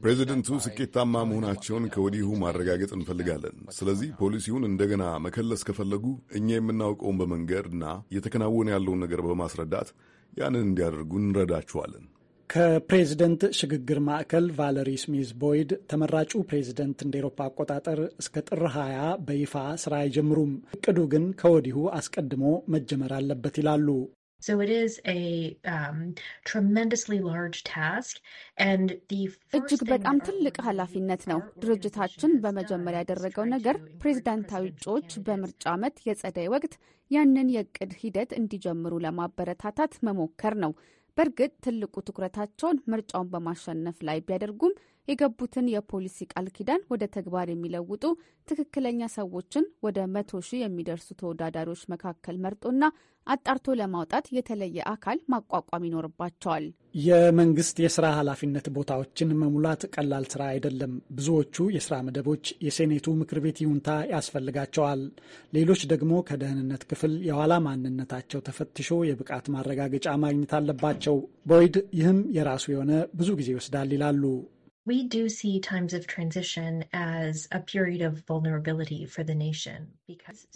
ፕሬዚደንቱ ስኬታማ መሆናቸውን ከወዲሁ ማረጋገጥ እንፈልጋለን። ስለዚህ uh, ፖሊሲውን እንደገና መከለስ ከፈለጉ እኛ የምናውቀውን በመንገድና እየተከናወነ ያለውን ነገር በማስረዳት ያንን እንዲያደርጉ እንረዳቸዋለን። ከፕሬዝደንት ሽግግር ማዕከል ቫለሪ ስሚዝ ቦይድ ተመራጩ ፕሬዝደንት እንደ ኤሮፓ አቆጣጠር እስከ ጥር 20 በይፋ ስራ አይጀምሩም። እቅዱ ግን ከወዲሁ አስቀድሞ መጀመር አለበት ይላሉ። እጅግ በጣም ትልቅ ኃላፊነት ነው። ድርጅታችን በመጀመሪያ ያደረገው ነገር ፕሬዝዳንታዊ እጩዎች በምርጫ ዓመት የጸደይ ወቅት ያንን የእቅድ ሂደት እንዲጀምሩ ለማበረታታት መሞከር ነው። በእርግጥ ትልቁ ትኩረታቸውን ምርጫውን በማሸነፍ ላይ ቢያደርጉም የገቡትን የፖሊሲ ቃል ኪዳን ወደ ተግባር የሚለውጡ ትክክለኛ ሰዎችን ወደ መቶ ሺህ የሚደርሱ ተወዳዳሪዎች መካከል መርጦና አጣርቶ ለማውጣት የተለየ አካል ማቋቋም ይኖርባቸዋል። የመንግስት የስራ ኃላፊነት ቦታዎችን መሙላት ቀላል ስራ አይደለም። ብዙዎቹ የስራ መደቦች የሴኔቱ ምክር ቤት ይሁንታ ያስፈልጋቸዋል። ሌሎች ደግሞ ከደህንነት ክፍል የኋላ ማንነታቸው ተፈትሾ የብቃት ማረጋገጫ ማግኘት አለባቸው። ቦይድ ይህም የራሱ የሆነ ብዙ ጊዜ ይወስዳል ይላሉ። We do see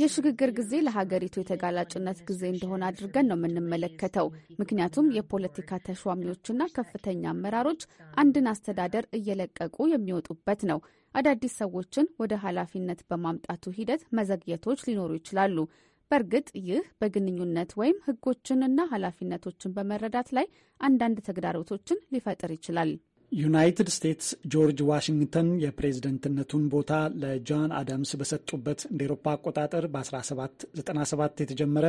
የሽግግር ጊዜ ለሀገሪቱ የተጋላጭነት ጊዜ እንደሆነ አድርገን ነው የምንመለከተው። ምክንያቱም የፖለቲካ ተሿሚዎችና ከፍተኛ አመራሮች አንድን አስተዳደር እየለቀቁ የሚወጡበት ነው። አዳዲስ ሰዎችን ወደ ኃላፊነት በማምጣቱ ሂደት መዘግየቶች ሊኖሩ ይችላሉ። በእርግጥ ይህ በግንኙነት ወይም ህጎችንና ኃላፊነቶችን በመረዳት ላይ አንዳንድ ተግዳሮቶችን ሊፈጥር ይችላል። ዩናይትድ ስቴትስ ጆርጅ ዋሽንግተን የፕሬዝደንትነቱን ቦታ ለጆን አዳምስ በሰጡበት እንደ ኤሮፓ አቆጣጠር በ1797 የተጀመረ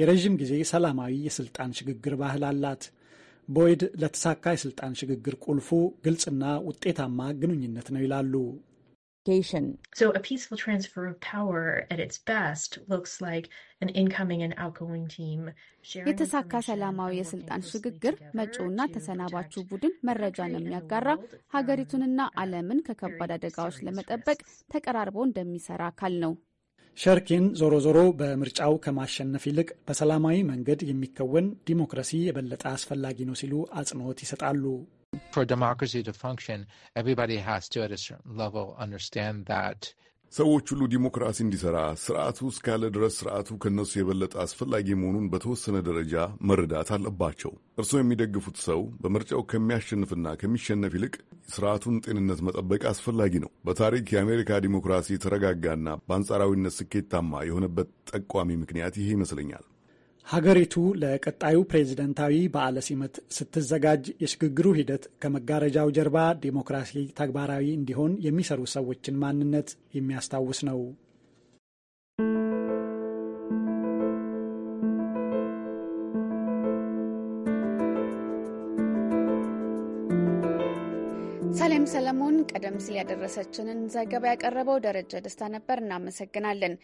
የረዥም ጊዜ ሰላማዊ የስልጣን ሽግግር ባህል አላት። ቦይድ ለተሳካ የስልጣን ሽግግር ቁልፉ ግልጽና ውጤታማ ግንኙነት ነው ይላሉ። investigation. So, a peaceful transfer of power at its best looks like an incoming and outgoing team. የተሳካ ሰላማዊ የስልጣን ሽግግር መጪውና ተሰናባቹ ቡድን መረጃን የሚያጋራ ሀገሪቱንና ዓለምን ከከባድ አደጋዎች ለመጠበቅ ተቀራርቦ እንደሚሰራ አካል ነው። ሸርኪን ዞሮ ዞሮ በምርጫው ከማሸነፍ ይልቅ በሰላማዊ መንገድ የሚከወን ዲሞክራሲ የበለጠ አስፈላጊ ነው ሲሉ አጽንኦት ይሰጣሉ። ሰዎች ሁሉ ዲሞክራሲ እንዲሰራ ስርዓቱ እስካለ ድረስ ስርዓቱ ከነሱ የበለጠ አስፈላጊ መሆኑን በተወሰነ ደረጃ መረዳት አለባቸው። እርስዎ የሚደግፉት ሰው በምርጫው ከሚያሸንፍና ከሚሸነፍ ይልቅ ስርዓቱን ጤንነት መጠበቅ አስፈላጊ ነው። በታሪክ የአሜሪካ ዲሞክራሲ የተረጋጋና በአንጻራዊነት ስኬታማ የሆነበት ጠቋሚ ምክንያት ይሄ ይመስለኛል። ሀገሪቱ ለቀጣዩ ፕሬዝደንታዊ በዓለ ሲመት ስትዘጋጅ የሽግግሩ ሂደት ከመጋረጃው ጀርባ ዴሞክራሲ ተግባራዊ እንዲሆን የሚሰሩ ሰዎችን ማንነት የሚያስታውስ ነው። ሰላም ሰለሞን ቀደም ሲል ያደረሰችንን ዘገባ ያቀረበው ደረጀ ደስታ ነበር። እናመሰግናለን።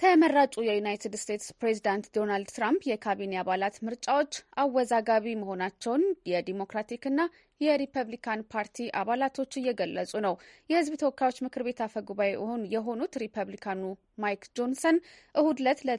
ተመራጩ የዩናይትድ ስቴትስ ፕሬዚዳንት ዶናልድ ትራምፕ የካቢኔ አባላት ምርጫዎች አወዛጋቢ መሆናቸውን የዲሞክራቲክና የሪፐብሊካን ፓርቲ አባላቶች እየገለጹ ነው። የህዝብ ተወካዮች ምክር ቤት አፈ ጉባኤ የሆኑት ሪፐብሊካኑ ማይክ ጆንሰን እሁድ ዕለት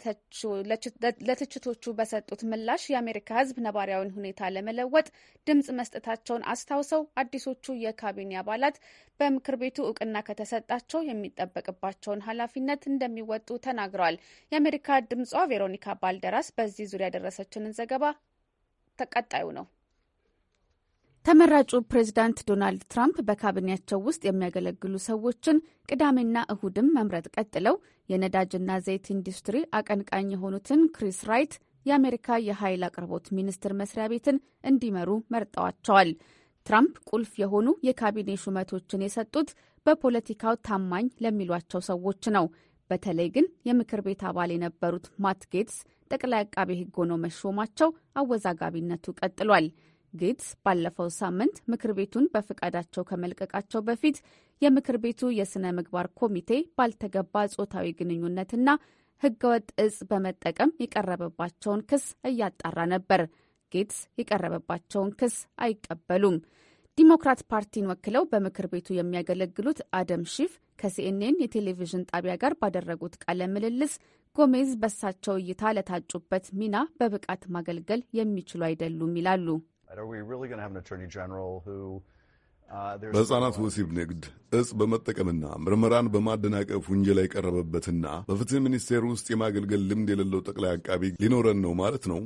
ለትችቶቹ በሰጡት ምላሽ የአሜሪካ ህዝብ ነባሪያዊን ሁኔታ ለመለወጥ ድምጽ መስጠታቸውን አስታውሰው አዲሶቹ የካቢኔ አባላት በምክር ቤቱ እውቅና ከተሰጣቸው የሚጠበቅባቸውን ኃላፊነት እንደሚወጡ ተናግረዋል። ተናግረዋል። የአሜሪካ ድምጿ ቬሮኒካ ባልደራስ በዚህ ዙሪያ ያደረሰችንን ዘገባ ተቀጣዩ ነው። ተመራጩ ፕሬዚዳንት ዶናልድ ትራምፕ በካቢኔያቸው ውስጥ የሚያገለግሉ ሰዎችን ቅዳሜና እሁድም መምረጥ ቀጥለው የነዳጅና ዘይት ኢንዱስትሪ አቀንቃኝ የሆኑትን ክሪስ ራይት የአሜሪካ የኃይል አቅርቦት ሚኒስቴር መስሪያ ቤትን እንዲመሩ መርጠዋቸዋል። ትራምፕ ቁልፍ የሆኑ የካቢኔ ሹመቶችን የሰጡት በፖለቲካው ታማኝ ለሚሏቸው ሰዎች ነው። በተለይ ግን የምክር ቤት አባል የነበሩት ማት ጌትስ ጠቅላይ አቃቤ ሕግ ሆነው መሾማቸው አወዛጋቢነቱ ቀጥሏል። ጌትስ ባለፈው ሳምንት ምክር ቤቱን በፈቃዳቸው ከመልቀቃቸው በፊት የምክር ቤቱ የሥነ ምግባር ኮሚቴ ባልተገባ ጾታዊ ግንኙነትና ሕገወጥ እጽ በመጠቀም የቀረበባቸውን ክስ እያጣራ ነበር። ጌትስ የቀረበባቸውን ክስ አይቀበሉም። ዲሞክራት ፓርቲን ወክለው በምክር ቤቱ የሚያገለግሉት አደም ሺፍ ከሲኤንኤን የቴሌቪዥን ጣቢያ ጋር ባደረጉት ቃለ ምልልስ ጎሜዝ በሳቸው እይታ ለታጩበት ሚና በብቃት ማገልገል የሚችሉ አይደሉም ይላሉ። uh, በሕፃናት ወሲብ ንግድ እጽ በመጠቀምና ምርመራን በማደናቀፍ ውንጀላ የቀረበበትና በፍትህ ሚኒስቴር ውስጥ የማገልገል ልምድ የሌለው ጠቅላይ አቃቢ ሊኖረን ነው ማለት ነው።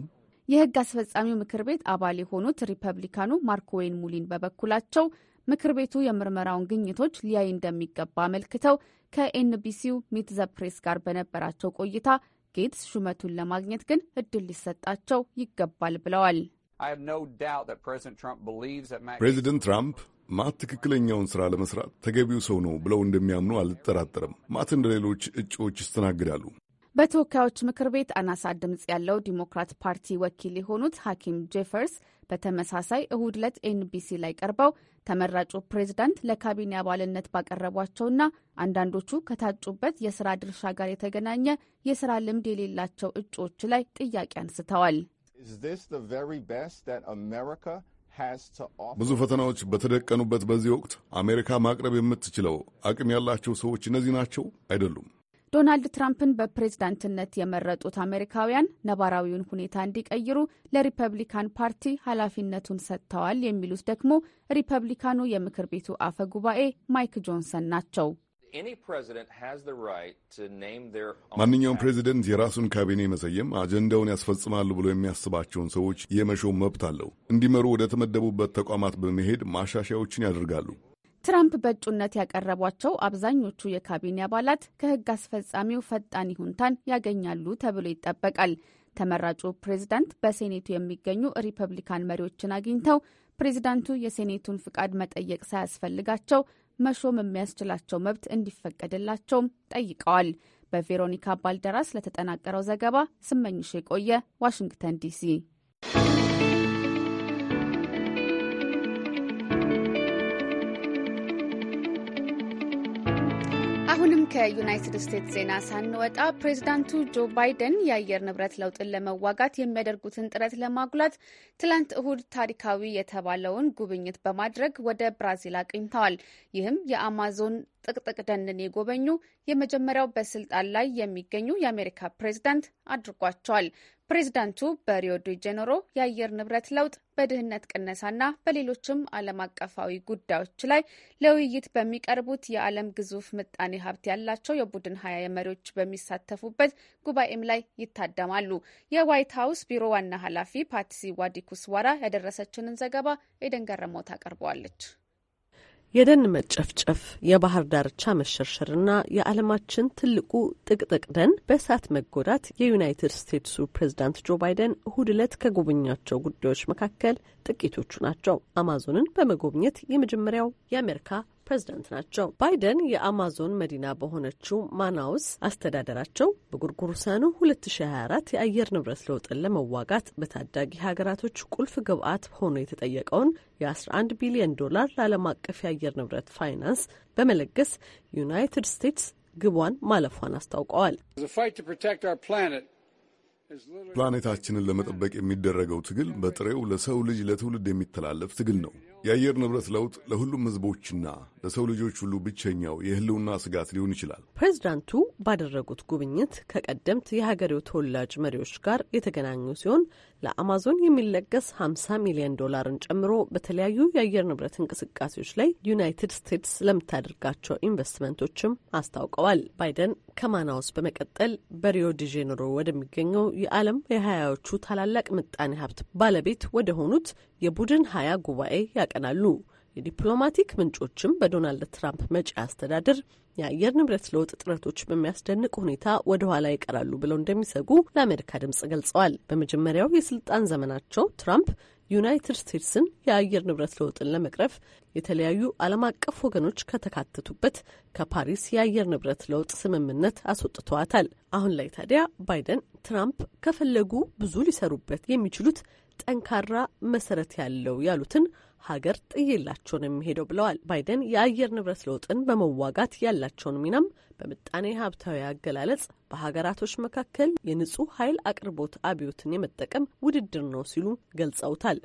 የህግ አስፈጻሚው ምክር ቤት አባል የሆኑት ሪፐብሊካኑ ማርክ ዌይን ሙሊን በበኩላቸው ምክር ቤቱ የምርመራውን ግኝቶች ሊያይ እንደሚገባ አመልክተው ከኤንቢሲው ሚት ዘ ፕሬስ ጋር በነበራቸው ቆይታ ጌትስ ሹመቱን ለማግኘት ግን እድል ሊሰጣቸው ይገባል ብለዋል። ፕሬዚደንት ትራምፕ ማት ትክክለኛውን ስራ ለመስራት ተገቢው ሰው ነው ብለው እንደሚያምኑ አልጠራጠርም። ማት እንደሌሎች እጩዎች ይስተናግዳሉ። በተወካዮች ምክር ቤት አናሳ ድምፅ ያለው ዲሞክራት ፓርቲ ወኪል የሆኑት ሐኪም ጄፈርስ በተመሳሳይ እሁድ ዕለት ኤንቢሲ ላይ ቀርበው ተመራጩ ፕሬዝዳንት ለካቢኔ አባልነት ባቀረቧቸውና አንዳንዶቹ ከታጩበት የስራ ድርሻ ጋር የተገናኘ የስራ ልምድ የሌላቸው እጩዎች ላይ ጥያቄ አንስተዋል። ብዙ ፈተናዎች በተደቀኑበት በዚህ ወቅት አሜሪካ ማቅረብ የምትችለው አቅም ያላቸው ሰዎች እነዚህ ናቸው አይደሉም? ዶናልድ ትራምፕን በፕሬዝዳንትነት የመረጡት አሜሪካውያን ነባራዊውን ሁኔታ እንዲቀይሩ ለሪፐብሊካን ፓርቲ ኃላፊነቱን ሰጥተዋል የሚሉት ደግሞ ሪፐብሊካኑ የምክር ቤቱ አፈ ጉባኤ ማይክ ጆንሰን ናቸው። ማንኛውም ፕሬዚደንት የራሱን ካቢኔ መሰየም፣ አጀንዳውን ያስፈጽማሉ ብሎ የሚያስባቸውን ሰዎች የመሾም መብት አለው። እንዲመሩ ወደ ተመደቡበት ተቋማት በመሄድ ማሻሻያዎችን ያደርጋሉ። ትራምፕ በእጩነት ያቀረቧቸው አብዛኞቹ የካቢኔ አባላት ከህግ አስፈጻሚው ፈጣን ይሁንታን ያገኛሉ ተብሎ ይጠበቃል። ተመራጩ ፕሬዝዳንት በሴኔቱ የሚገኙ ሪፐብሊካን መሪዎችን አግኝተው ፕሬዝዳንቱ የሴኔቱን ፍቃድ መጠየቅ ሳያስፈልጋቸው መሾም የሚያስችላቸው መብት እንዲፈቀድላቸውም ጠይቀዋል። በቬሮኒካ ባልደራስ ለተጠናቀረው ዘገባ ስመኝሽ የቆየ ዋሽንግተን ዲሲ። ከዩናይትድ ስቴትስ ዜና ሳንወጣ ፕሬዚዳንቱ ጆ ባይደን የአየር ንብረት ለውጥን ለመዋጋት የሚያደርጉትን ጥረት ለማጉላት ትላንት እሁድ ታሪካዊ የተባለውን ጉብኝት በማድረግ ወደ ብራዚል አቅኝተዋል። ይህም የአማዞን ጥቅጥቅ ደንን የጎበኙ የመጀመሪያው በስልጣን ላይ የሚገኙ የአሜሪካ ፕሬዝዳንት አድርጓቸዋል። ፕሬዝዳንቱ በሪዮ ዲ ጄኔሮ የአየር ንብረት ለውጥ በድህነት ቅነሳና በሌሎችም ዓለም አቀፋዊ ጉዳዮች ላይ ለውይይት በሚቀርቡት የዓለም ግዙፍ ምጣኔ ሀብት ያላቸው የቡድን ሀያ የመሪዎች በሚሳተፉበት ጉባኤም ላይ ይታደማሉ። የዋይት ሀውስ ቢሮ ዋና ኃላፊ ፓትሲ ዋራ ያደረሰችንን ዘገባ ኤደን ገረመው ታቀርበዋለች። የደን መጨፍጨፍ፣ የባህር ዳርቻ መሸርሸርና የዓለማችን ትልቁ ጥቅጥቅ ደን በእሳት መጎዳት የዩናይትድ ስቴትሱ ፕሬዝዳንት ጆ ባይደን እሁድ ዕለት ከጎበኛቸው ጉዳዮች መካከል ጥቂቶቹ ናቸው። አማዞንን በመጎብኘት የመጀመሪያው የአሜሪካ ፕሬዝዳንት ናቸው። ባይደን የአማዞን መዲና በሆነችው ማናውስ አስተዳደራቸው በጎርጎሮሳውያኑ 2024 የአየር ንብረት ለውጥን ለመዋጋት በታዳጊ ሀገራቶች ቁልፍ ግብዓት ሆኖ የተጠየቀውን የ11 ቢሊዮን ዶላር ለዓለም አቀፍ የአየር ንብረት ፋይናንስ በመለገስ ዩናይትድ ስቴትስ ግቧን ማለፏን አስታውቀዋል። ፕላኔታችንን ለመጠበቅ የሚደረገው ትግል በጥሬው ለሰው ልጅ ለትውልድ የሚተላለፍ ትግል ነው። የአየር ንብረት ለውጥ ለሁሉም ህዝቦችና ለሰው ልጆች ሁሉ ብቸኛው የህልውና ስጋት ሊሆን ይችላል። ፕሬዚዳንቱ ባደረጉት ጉብኝት ከቀደምት የሀገሬው ተወላጅ መሪዎች ጋር የተገናኙ ሲሆን ለአማዞን የሚለገስ 50 ሚሊዮን ዶላርን ጨምሮ በተለያዩ የአየር ንብረት እንቅስቃሴዎች ላይ ዩናይትድ ስቴትስ ለምታደርጋቸው ኢንቨስትመንቶችም አስታውቀዋል። ባይደን ከማናውስ በመቀጠል በሪዮ ዲ ጄኔሮ ወደሚገኘው የዓለም የሀያዎቹ ታላላቅ ምጣኔ ሀብት ባለቤት ወደ ሆኑት የቡድን ሀያ ጉባኤ ያቀናሉ። የዲፕሎማቲክ ምንጮችም በዶናልድ ትራምፕ መጪ አስተዳደር የአየር ንብረት ለውጥ ጥረቶች በሚያስደንቅ ሁኔታ ወደ ኋላ ይቀራሉ ብለው እንደሚሰጉ ለአሜሪካ ድምጽ ገልጸዋል። በመጀመሪያው የስልጣን ዘመናቸው ትራምፕ ዩናይትድ ስቴትስን የአየር ንብረት ለውጥን ለመቅረፍ የተለያዩ ዓለም አቀፍ ወገኖች ከተካተቱበት ከፓሪስ የአየር ንብረት ለውጥ ስምምነት አስወጥተዋታል። አሁን ላይ ታዲያ ባይደን ትራምፕ ከፈለጉ ብዙ ሊሰሩበት የሚችሉት ጠንካራ መሰረት ያለው ያሉትን ሀገር ጥይላቸው ነው የሚሄደው ብለዋል። ባይደን የአየር ንብረት ለውጥን በመዋጋት ያላቸውን ሚናም በምጣኔ ሀብታዊ አገላለጽ በሀገራቶች መካከል የንጹህ ኃይል አቅርቦት አብዮትን የመጠቀም ውድድር ነው ሲሉ ገልጸውታል።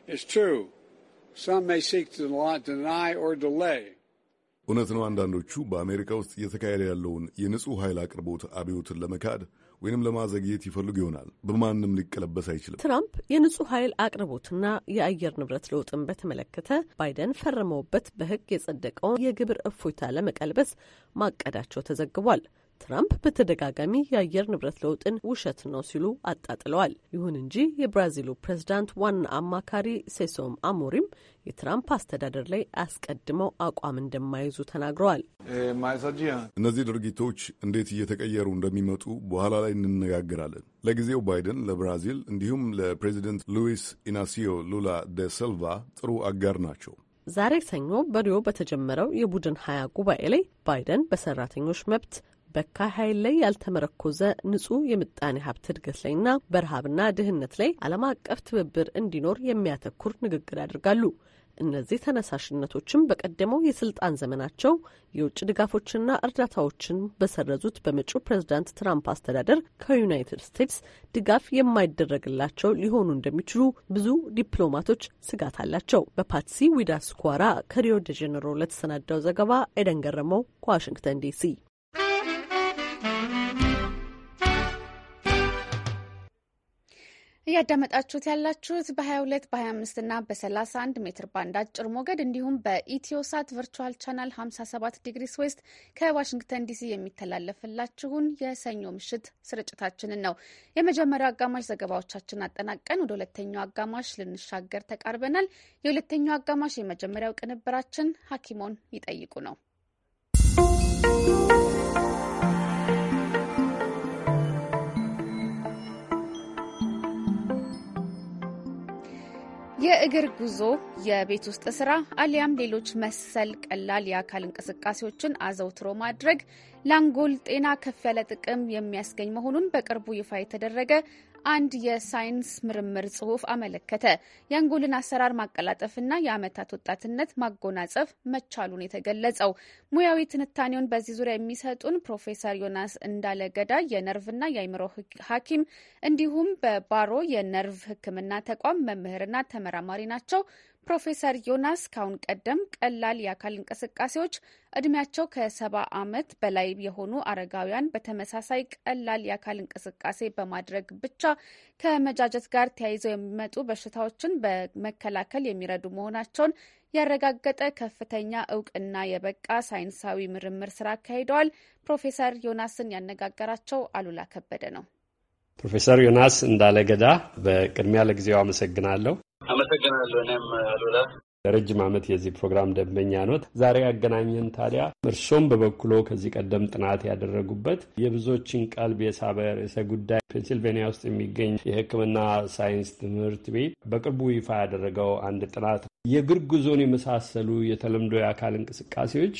እውነት ነው። አንዳንዶቹ በአሜሪካ ውስጥ እየተካሄደ ያለውን የንጹህ ኃይል አቅርቦት አብዮትን ለመካድ ወይንም ለማዘግየት ይፈልጉ ይሆናል። በማንም ሊቀለበስ አይችልም። ትራምፕ የንጹህ ኃይል አቅርቦትና የአየር ንብረት ለውጥን በተመለከተ ባይደን ፈርመውበት በህግ የጸደቀውን የግብር እፎይታ ለመቀልበስ ማቀዳቸው ተዘግቧል። ትራምፕ በተደጋጋሚ የአየር ንብረት ለውጥን ውሸት ነው ሲሉ አጣጥለዋል። ይሁን እንጂ የብራዚሉ ፕሬዝዳንት ዋና አማካሪ ሴሶም አሞሪም የትራምፕ አስተዳደር ላይ አስቀድመው አቋም እንደማይዙ ተናግረዋል። eh, እነዚህ ድርጊቶች እንዴት እየተቀየሩ እንደሚመጡ በኋላ ላይ እንነጋገራለን። ለጊዜው ባይደን ለብራዚል እንዲሁም ለፕሬዚደንት ሉዊስ ኢናሲዮ ሉላ ደ ሰልቫ ጥሩ አጋር ናቸው። ዛሬ ሰኞ በሪዮ በተጀመረው የቡድን ሀያ ጉባኤ ላይ ባይደን በሰራተኞች መብት በካ ኃይል ላይ ያልተመረኮዘ ንጹህ የምጣኔ ሀብት እድገት ላይና በረሃብና ድህነት ላይ ዓለም አቀፍ ትብብር እንዲኖር የሚያተኩር ንግግር ያደርጋሉ። እነዚህ ተነሳሽነቶችም በቀደመው የስልጣን ዘመናቸው የውጭ ድጋፎችንና እርዳታዎችን በሰረዙት በመጪው ፕሬዚዳንት ትራምፕ አስተዳደር ከዩናይትድ ስቴትስ ድጋፍ የማይደረግላቸው ሊሆኑ እንደሚችሉ ብዙ ዲፕሎማቶች ስጋት አላቸው። በፓትሲ ዊዳስኳራ ከሪዮ ዴ ለተሰናዳው ዘገባ ኤደን ገረመው ከዋሽንግተን ዲሲ እያዳመጣችሁት ያላችሁት በ22 በ25 እና በ31 ሜትር ባንድ አጭር ሞገድ እንዲሁም በኢትዮሳት ቨርቹዋል ቻናል 57 ዲግሪ ስዌስት ከዋሽንግተን ዲሲ የሚተላለፍላችሁን የሰኞ ምሽት ስርጭታችንን ነው። የመጀመሪያው አጋማሽ ዘገባዎቻችን አጠናቀን ወደ ሁለተኛው አጋማሽ ልንሻገር ተቃርበናል። የሁለተኛው አጋማሽ የመጀመሪያው ቅንብራችን ሐኪሞን ይጠይቁ ነው። የእግር ጉዞ፣ የቤት ውስጥ ስራ አሊያም ሌሎች መሰል ቀላል የአካል እንቅስቃሴዎችን አዘውትሮ ማድረግ ለአንጎል ጤና ከፍ ያለ ጥቅም የሚያስገኝ መሆኑን በቅርቡ ይፋ የተደረገ አንድ የሳይንስ ምርምር ጽሑፍ አመለከተ። የአንጎልን አሰራር ማቀላጠፍና የአመታት ወጣትነት ማጎናጸፍ መቻሉን የተገለጸው ሙያዊ ትንታኔውን በዚህ ዙሪያ የሚሰጡን ፕሮፌሰር ዮናስ እንዳለገዳ የነርቭና የአይምሮ ሐኪም እንዲሁም በባሮ የነርቭ ሕክምና ተቋም መምህርና ተመራማሪ ናቸው። ፕሮፌሰር ዮናስ ካሁን ቀደም ቀላል የአካል እንቅስቃሴዎች እድሜያቸው ከሰባ ዓመት በላይ የሆኑ አረጋውያን በተመሳሳይ ቀላል የአካል እንቅስቃሴ በማድረግ ብቻ ከመጃጀት ጋር ተያይዘው የሚመጡ በሽታዎችን በመከላከል የሚረዱ መሆናቸውን ያረጋገጠ ከፍተኛ እውቅና የበቃ ሳይንሳዊ ምርምር ስራ አካሂደዋል። ፕሮፌሰር ዮናስን ያነጋገራቸው አሉላ ከበደ ነው። ፕሮፌሰር ዮናስ እንዳለ ገዳ በቅድሚያ ለጊዜው አመሰግናለሁ። አመሰግናለሁ። እኔም አሉላ ለረጅም ዓመት የዚህ ፕሮግራም ደንበኛ ኖት። ዛሬ ያገናኘን ታዲያ እርሶም በበኩሎ ከዚህ ቀደም ጥናት ያደረጉበት የብዙዎችን ቀልብ የሳበ ርዕሰ ጉዳይ ፔንሲልቬኒያ ውስጥ የሚገኝ የሕክምና ሳይንስ ትምህርት ቤት በቅርቡ ይፋ ያደረገው አንድ ጥናት የእግር ጉዞን የመሳሰሉ የተለምዶ የአካል እንቅስቃሴዎች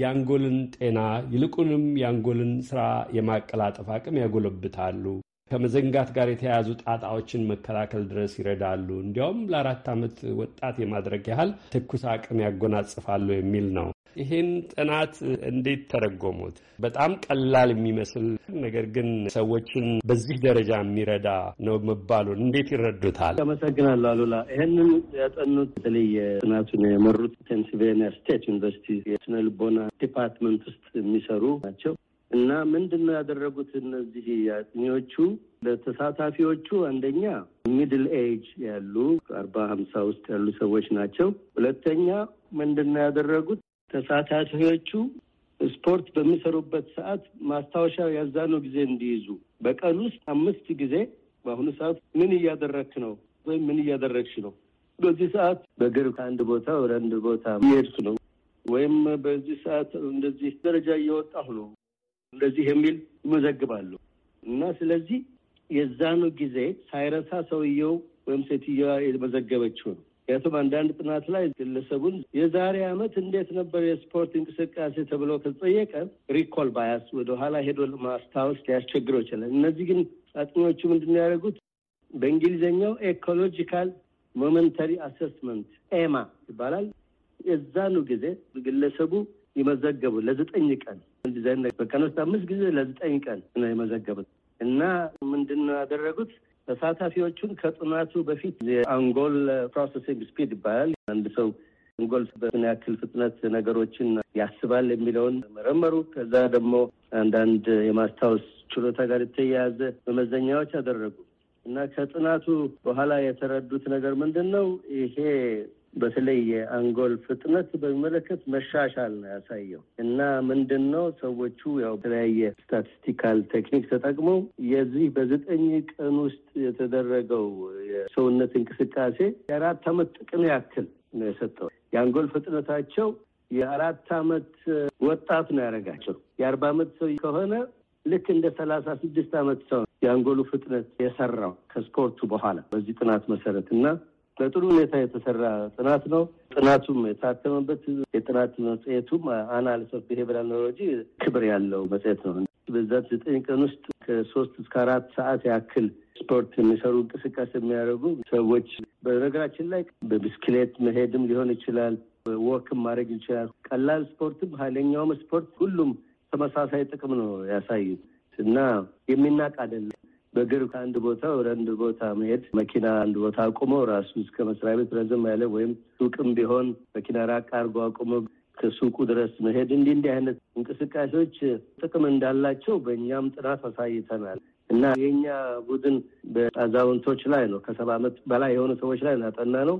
የአንጎልን ጤና ይልቁንም የአንጎልን ስራ የማቀላጠፍ አቅም ያጎለብታሉ ከመዘንጋት ጋር የተያያዙ ጣጣዎችን መከላከል ድረስ ይረዳሉ። እንዲያውም ለአራት ዓመት ወጣት የማድረግ ያህል ትኩስ አቅም ያጎናጽፋሉ የሚል ነው። ይህን ጥናት እንዴት ተረጎሙት? በጣም ቀላል የሚመስል ነገር ግን ሰዎችን በዚህ ደረጃ የሚረዳ ነው መባሉን እንዴት ይረዱታል? አመሰግናለሁ አሉላ። ይህንን ያጠኑት በተለይ ጥናቱን የመሩት ፔንሲልቬኒያ ስቴት ዩኒቨርሲቲ የስነ ልቦና ዲፓርትመንት ውስጥ የሚሰሩ ናቸው። እና ምንድን ነው ያደረጉት እነዚህ አጥኚዎቹ ለተሳታፊዎቹ አንደኛ ሚድል ኤጅ ያሉ አርባ ሀምሳ ውስጥ ያሉ ሰዎች ናቸው። ሁለተኛ ምንድን ነው ያደረጉት ተሳታፊዎቹ ስፖርት በሚሰሩበት ሰዓት ማስታወሻ ያዛኑ ጊዜ እንዲይዙ በቀን ውስጥ አምስት ጊዜ በአሁኑ ሰዓት ምን እያደረግክ ነው ወይም ምን እያደረግሽ ነው፣ በዚህ ሰዓት በእግር ከአንድ ቦታ ወደ አንድ ቦታ እየሄድኩ ነው ወይም በዚህ ሰዓት እንደዚህ ደረጃ እየወጣሁ ነው እንደዚህ የሚል እመዘግባለሁ እና ስለዚህ የዛኑ ጊዜ ሳይረሳ ሰውየው ወይም ሴትዮዋ የመዘገበችው ነው። ምክንያቱም አንዳንድ ጥናት ላይ ግለሰቡን የዛሬ ዓመት እንዴት ነበር የስፖርት እንቅስቃሴ ተብሎ ከተጠየቀ ሪኮል ባያስ ወደኋላ ሄዶ ማስታወስ ሊያስቸግረው ይችላል። እነዚህ ግን አጥኚዎቹ ምንድን ነው ያደረጉት? በእንግሊዝኛው ኤኮሎጂካል ሞመንተሪ አሴስመንት ኤማ ይባላል። የዛኑ ጊዜ ግለሰቡ ይመዘገቡ ለዘጠኝ ቀን ዘን በቀን ውስጥ አምስት ጊዜ ለዘጠኝ ቀን ነው የመዘገቡት እና ምንድን ነው ያደረጉት? ተሳታፊዎቹን ከጥናቱ በፊት የአንጎል ፕሮሰሲንግ ስፒድ ይባላል። አንድ ሰው አንጎል በምን ያክል ፍጥነት ነገሮችን ያስባል የሚለውን መረመሩ። ከዛ ደግሞ አንዳንድ የማስታወስ ችሎታ ጋር የተያያዘ መመዘኛዎች አደረጉ እና ከጥናቱ በኋላ የተረዱት ነገር ምንድን ነው? ይሄ በተለይ የአንጎል ፍጥነት በሚመለከት መሻሻል ነው ያሳየው እና ምንድን ነው ሰዎቹ ያው የተለያየ ስታቲስቲካል ቴክኒክ ተጠቅመው የዚህ በዘጠኝ ቀን ውስጥ የተደረገው የሰውነት እንቅስቃሴ የአራት አመት ጥቅም ያክል ነው የሰጠው። የአንጎል ፍጥነታቸው የአራት አመት ወጣት ነው ያደረጋቸው። የአርባ አመት ሰው ከሆነ ልክ እንደ ሰላሳ ስድስት አመት ሰው የአንጎሉ ፍጥነት የሰራው ከስፖርቱ በኋላ በዚህ ጥናት መሰረት እና በጥሩ ሁኔታ የተሰራ ጥናት ነው። ጥናቱም የታተመበት የጥናት መጽሔቱም አናሊስ ኦፍ ቢሄቪራል ኖሮሎጂ ክብር ያለው መጽሔት ነው። በዛት ዘጠኝ ቀን ውስጥ ከሶስት እስከ አራት ሰዓት ያክል ስፖርት የሚሰሩ እንቅስቃሴ የሚያደርጉ ሰዎች በነገራችን ላይ በብስክሌት መሄድም ሊሆን ይችላል፣ ወክም ማድረግ ይችላል። ቀላል ስፖርትም ኃይለኛውም ስፖርት ሁሉም ተመሳሳይ ጥቅም ነው ያሳዩት እና የሚናቅ አይደለም። በእግር ከአንድ ቦታ ወደ አንድ ቦታ መሄድ መኪና አንድ ቦታ አቁሞ ራሱ እስከ መስሪያ ቤት ረዘም ያለ ወይም ሱቅም ቢሆን መኪና ራቅ አድርጎ አቁሞ ከሱቁ ድረስ መሄድ እንዲህ እንዲህ አይነት እንቅስቃሴዎች ጥቅም እንዳላቸው በእኛም ጥናት አሳይተናል እና የኛ ቡድን በአዛውንቶች ላይ ነው ከሰባ ዓመት በላይ የሆኑ ሰዎች ላይ ያጠና ነው።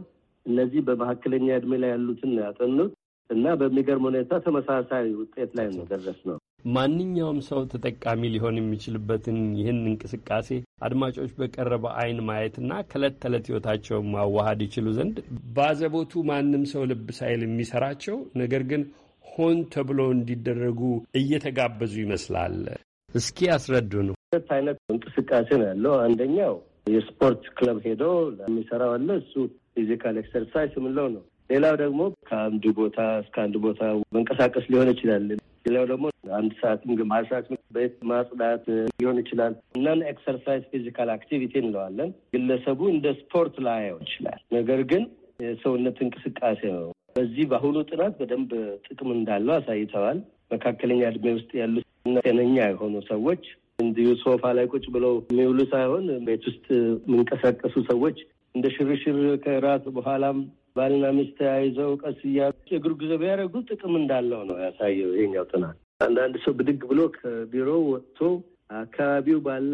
እነዚህ በመካከለኛ እድሜ ላይ ያሉትን ያጠኑት እና በሚገርም ሁኔታ ተመሳሳይ ውጤት ላይ ነው ደረስ ነው። ማንኛውም ሰው ተጠቃሚ ሊሆን የሚችልበትን ይህን እንቅስቃሴ አድማጮች በቀረበ አይን ማየትና ከእለት ተዕለት ሕይወታቸውን ማዋሃድ ይችሉ ዘንድ በአዘቦቱ ማንም ሰው ልብ ሳይል የሚሰራቸው ነገር ግን ሆን ተብሎ እንዲደረጉ እየተጋበዙ ይመስላል። እስኪ ነው። ሁለት አይነት እንቅስቃሴ ነው ያለው። አንደኛው የስፖርት ክለብ ሄዶ ለሚሰራው አለ። እሱ ፊዚካል ኤክሰርሳይዝ የምንለው ነው። ሌላው ደግሞ ከአንድ ቦታ እስከ አንድ ቦታ መንቀሳቀስ ሊሆን ይችላል። ሌላው ደግሞ አንድ ሰዓትም ግማሽ ሰዓት ቤት ማጽዳት ሊሆን ይችላል። እናን ኤክሰርሳይዝ ፊዚካል አክቲቪቲ እንለዋለን። ግለሰቡ እንደ ስፖርት ላያው ይችላል፣ ነገር ግን የሰውነት እንቅስቃሴ ነው። በዚህ በአሁኑ ጥናት በደንብ ጥቅም እንዳለው አሳይተዋል። መካከለኛ እድሜ ውስጥ ያሉ ጤነኛ የሆኑ ሰዎች እንዲሁ ሶፋ ላይ ቁጭ ብለው የሚውሉ ሳይሆን ቤት ውስጥ የሚንቀሳቀሱ ሰዎች እንደ ሽርሽር ከራት በኋላም ባልና ሚስት ተያይዘው ቀስ እያ እግር ጉዞ ቢያደርጉ ጥቅም እንዳለው ነው ያሳየው ይሄኛው ጥናት። አንዳንድ ሰው ብድግ ብሎ ከቢሮው ወጥቶ አካባቢው ባለ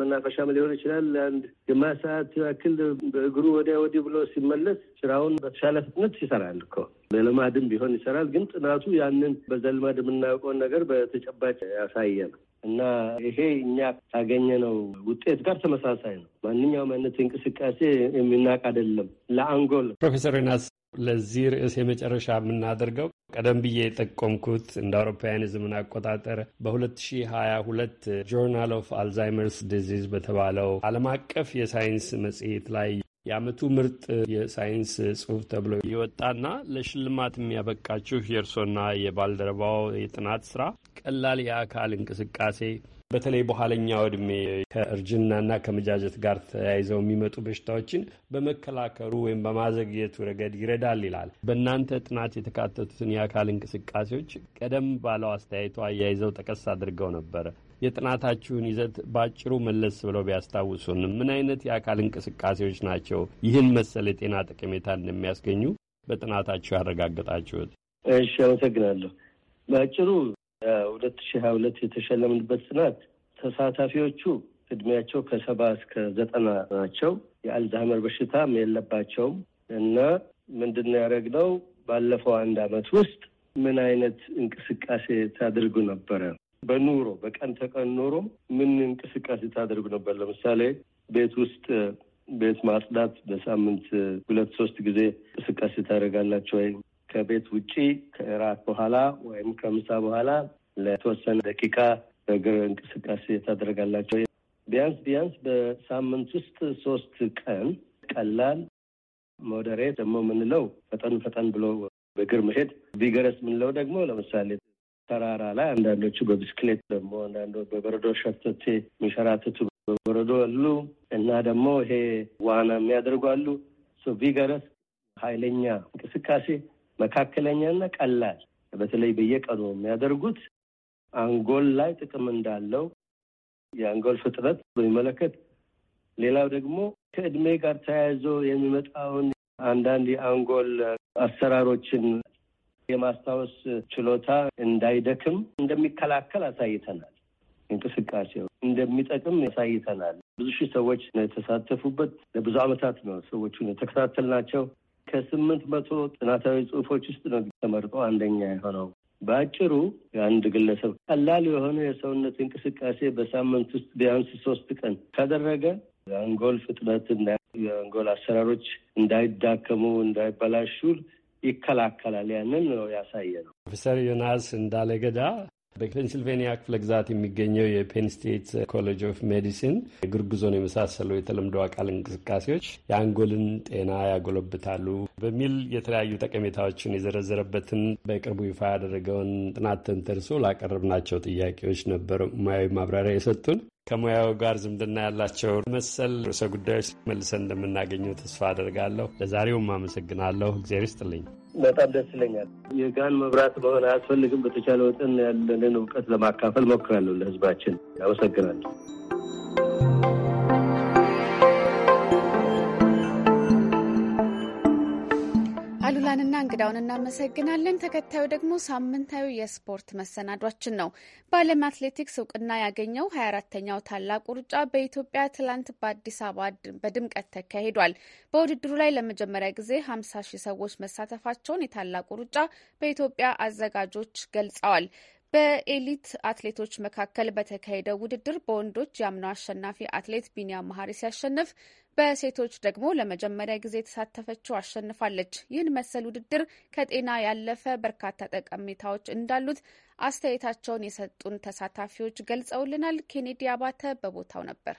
መናፈሻም ሊሆን ይችላል። አንድ ግማ ሰዓት ያክል በእግሩ ወዲያ ወዲህ ብሎ ሲመለስ ስራውን በተሻለ ፍጥነት ይሰራል እኮ በልማድም ቢሆን ይሰራል። ግን ጥናቱ ያንን በዘልማድ የምናውቀውን ነገር በተጨባጭ ያሳየ ነው። እና ይሄ እኛ ካገኘነው ውጤት ጋር ተመሳሳይ ነው። ማንኛውም አይነት እንቅስቃሴ የሚናቅ አይደለም ለአንጎል። ፕሮፌሰር ዮናስ ለዚህ ርዕስ የመጨረሻ የምናደርገው ቀደም ብዬ የጠቆምኩት እንደ አውሮፓውያን የዘመን አቆጣጠር በ2022 ጆርናል ኦፍ አልዛይመርስ ዲዚዝ በተባለው ዓለም አቀፍ የሳይንስ መጽሔት ላይ የአመቱ ምርጥ የሳይንስ ጽሑፍ ተብሎ የወጣና ለሽልማት የሚያበቃችሁ የእርሶና የባልደረባው የጥናት ስራ ቀላል የአካል እንቅስቃሴ በተለይ በኋለኛ እድሜ ከእርጅናና ከመጃጀት ጋር ተያይዘው የሚመጡ በሽታዎችን በመከላከሉ ወይም በማዘግየቱ ረገድ ይረዳል ይላል። በእናንተ ጥናት የተካተቱትን የአካል እንቅስቃሴዎች ቀደም ባለው አስተያየቱ አያይዘው ጠቀስ አድርገው ነበር። የጥናታችሁን ይዘት በአጭሩ መለስ ብለው ቢያስታውሱን። ምን አይነት የአካል እንቅስቃሴዎች ናቸው ይህን መሰል የጤና ጠቀሜታ እንደሚያስገኙ በጥናታችሁ ያረጋግጣችሁት እሺ፣ አመሰግናለሁ። በአጭሩ ሁለት ሺህ ሀያ ሁለት የተሸለምንበት ጥናት ተሳታፊዎቹ እድሜያቸው ከሰባ እስከ ዘጠና ናቸው። የአልዛይመር በሽታም የለባቸውም እና ምንድን ነው ያደረግነው ባለፈው አንድ አመት ውስጥ ምን አይነት እንቅስቃሴ ታደርጉ ነበረ በኑሮ በቀን ተቀን ኖሮ ምን እንቅስቃሴ ታደርጉ ነበር? ለምሳሌ ቤት ውስጥ ቤት ማጽዳት በሳምንት ሁለት ሶስት ጊዜ እንቅስቃሴ ታደርጋላችሁ ወይ? ከቤት ውጪ ከእራት በኋላ ወይም ከምሳ በኋላ ለተወሰነ ደቂቃ በእግር እንቅስቃሴ ታደርጋላችሁ? ቢያንስ ቢያንስ በሳምንት ውስጥ ሶስት ቀን ቀላል ሞደሬት ደግሞ የምንለው ፈጠን ፈጠን ብሎ በእግር መሄድ ቢገረስ የምንለው ደግሞ ለምሳሌ ተራራ ላይ አንዳንዶቹ በብስክሌት ደግሞ አንዳንዶ በበረዶ ሸርተቴ የሚሸራትቱ በበረዶ አሉ እና ደግሞ ይሄ ዋና የሚያደርጓሉ አሉ። ቪገረስ ኃይለኛ እንቅስቃሴ፣ መካከለኛ እና ቀላል በተለይ በየቀኑ የሚያደርጉት አንጎል ላይ ጥቅም እንዳለው የአንጎል ፍጥረት በሚመለከት ሌላው ደግሞ ከእድሜ ጋር ተያይዞ የሚመጣውን አንዳንድ የአንጎል አሰራሮችን የማስታወስ ችሎታ እንዳይደክም እንደሚከላከል አሳይተናል። እንቅስቃሴው እንደሚጠቅም ያሳይተናል። ብዙ ሺህ ሰዎች የተሳተፉበት ለብዙ ዓመታት ነው ሰዎቹ የተከታተልናቸው። ከስምንት መቶ ጥናታዊ ጽሁፎች ውስጥ ነው ተመርጦ አንደኛ የሆነው። በአጭሩ የአንድ ግለሰብ ቀላል የሆነ የሰውነት እንቅስቃሴ በሳምንት ውስጥ ቢያንስ ሶስት ቀን ካደረገ የአንጎል ፍጥነት እና የአንጎል አሰራሮች እንዳይዳከሙ እንዳይበላሹ ይከላከላል። ያንን ነው ያሳየ ነው። ፕሮፌሰር ዮናስ እንዳለገዳ በፔንስልቬኒያ ክፍለ ግዛት የሚገኘው የፔን ስቴት ኮሌጅ ኦፍ ሜዲሲን እግር ጉዞን የመሳሰሉ የተለምዶ አካል እንቅስቃሴዎች የአንጎልን ጤና ያጎለብታሉ በሚል የተለያዩ ጠቀሜታዎችን የዘረዘረበትን በቅርቡ ይፋ ያደረገውን ጥናት ተንተርሶ ላቀረብናቸው ጥያቄዎች ነበር ሙያዊ ማብራሪያ የሰጡን። ከሙያው ጋር ዝምድና ያላቸው መሰል ርዕሰ ጉዳዮች መልሰን እንደምናገኘው ተስፋ አደርጋለሁ። ለዛሬውም አመሰግናለሁ። እግዚአብሔር ይስጥልኝ። በጣም ደስ ይለኛል። የጋን መብራት በሆነ አያስፈልግም። በተቻለ ወጠን ያለንን እውቀት ለማካፈል ሞክራለሁ ለህዝባችን። አመሰግናለሁ። አሉላንና እንግዳውን እናመሰግናለን። ተከታዩ ደግሞ ሳምንታዊ የስፖርት መሰናዷችን ነው። በዓለም አትሌቲክስ እውቅና ያገኘው 24ተኛው ታላቁ ሩጫ በኢትዮጵያ ትላንት በአዲስ አበባ በድምቀት ተካሂዷል። በውድድሩ ላይ ለመጀመሪያ ጊዜ 50 ሺህ ሰዎች መሳተፋቸውን የታላቁ ሩጫ በኢትዮጵያ አዘጋጆች ገልጸዋል። በኤሊት አትሌቶች መካከል በተካሄደው ውድድር በወንዶች የአምናው አሸናፊ አትሌት ቢኒያም መሀሪ ሲያሸንፍ በሴቶች ደግሞ ለመጀመሪያ ጊዜ የተሳተፈችው አሸንፋለች። ይህን መሰል ውድድር ከጤና ያለፈ በርካታ ጠቀሜታዎች እንዳሉት አስተያየታቸውን የሰጡን ተሳታፊዎች ገልጸውልናል። ኬኔዲ አባተ በቦታው ነበር።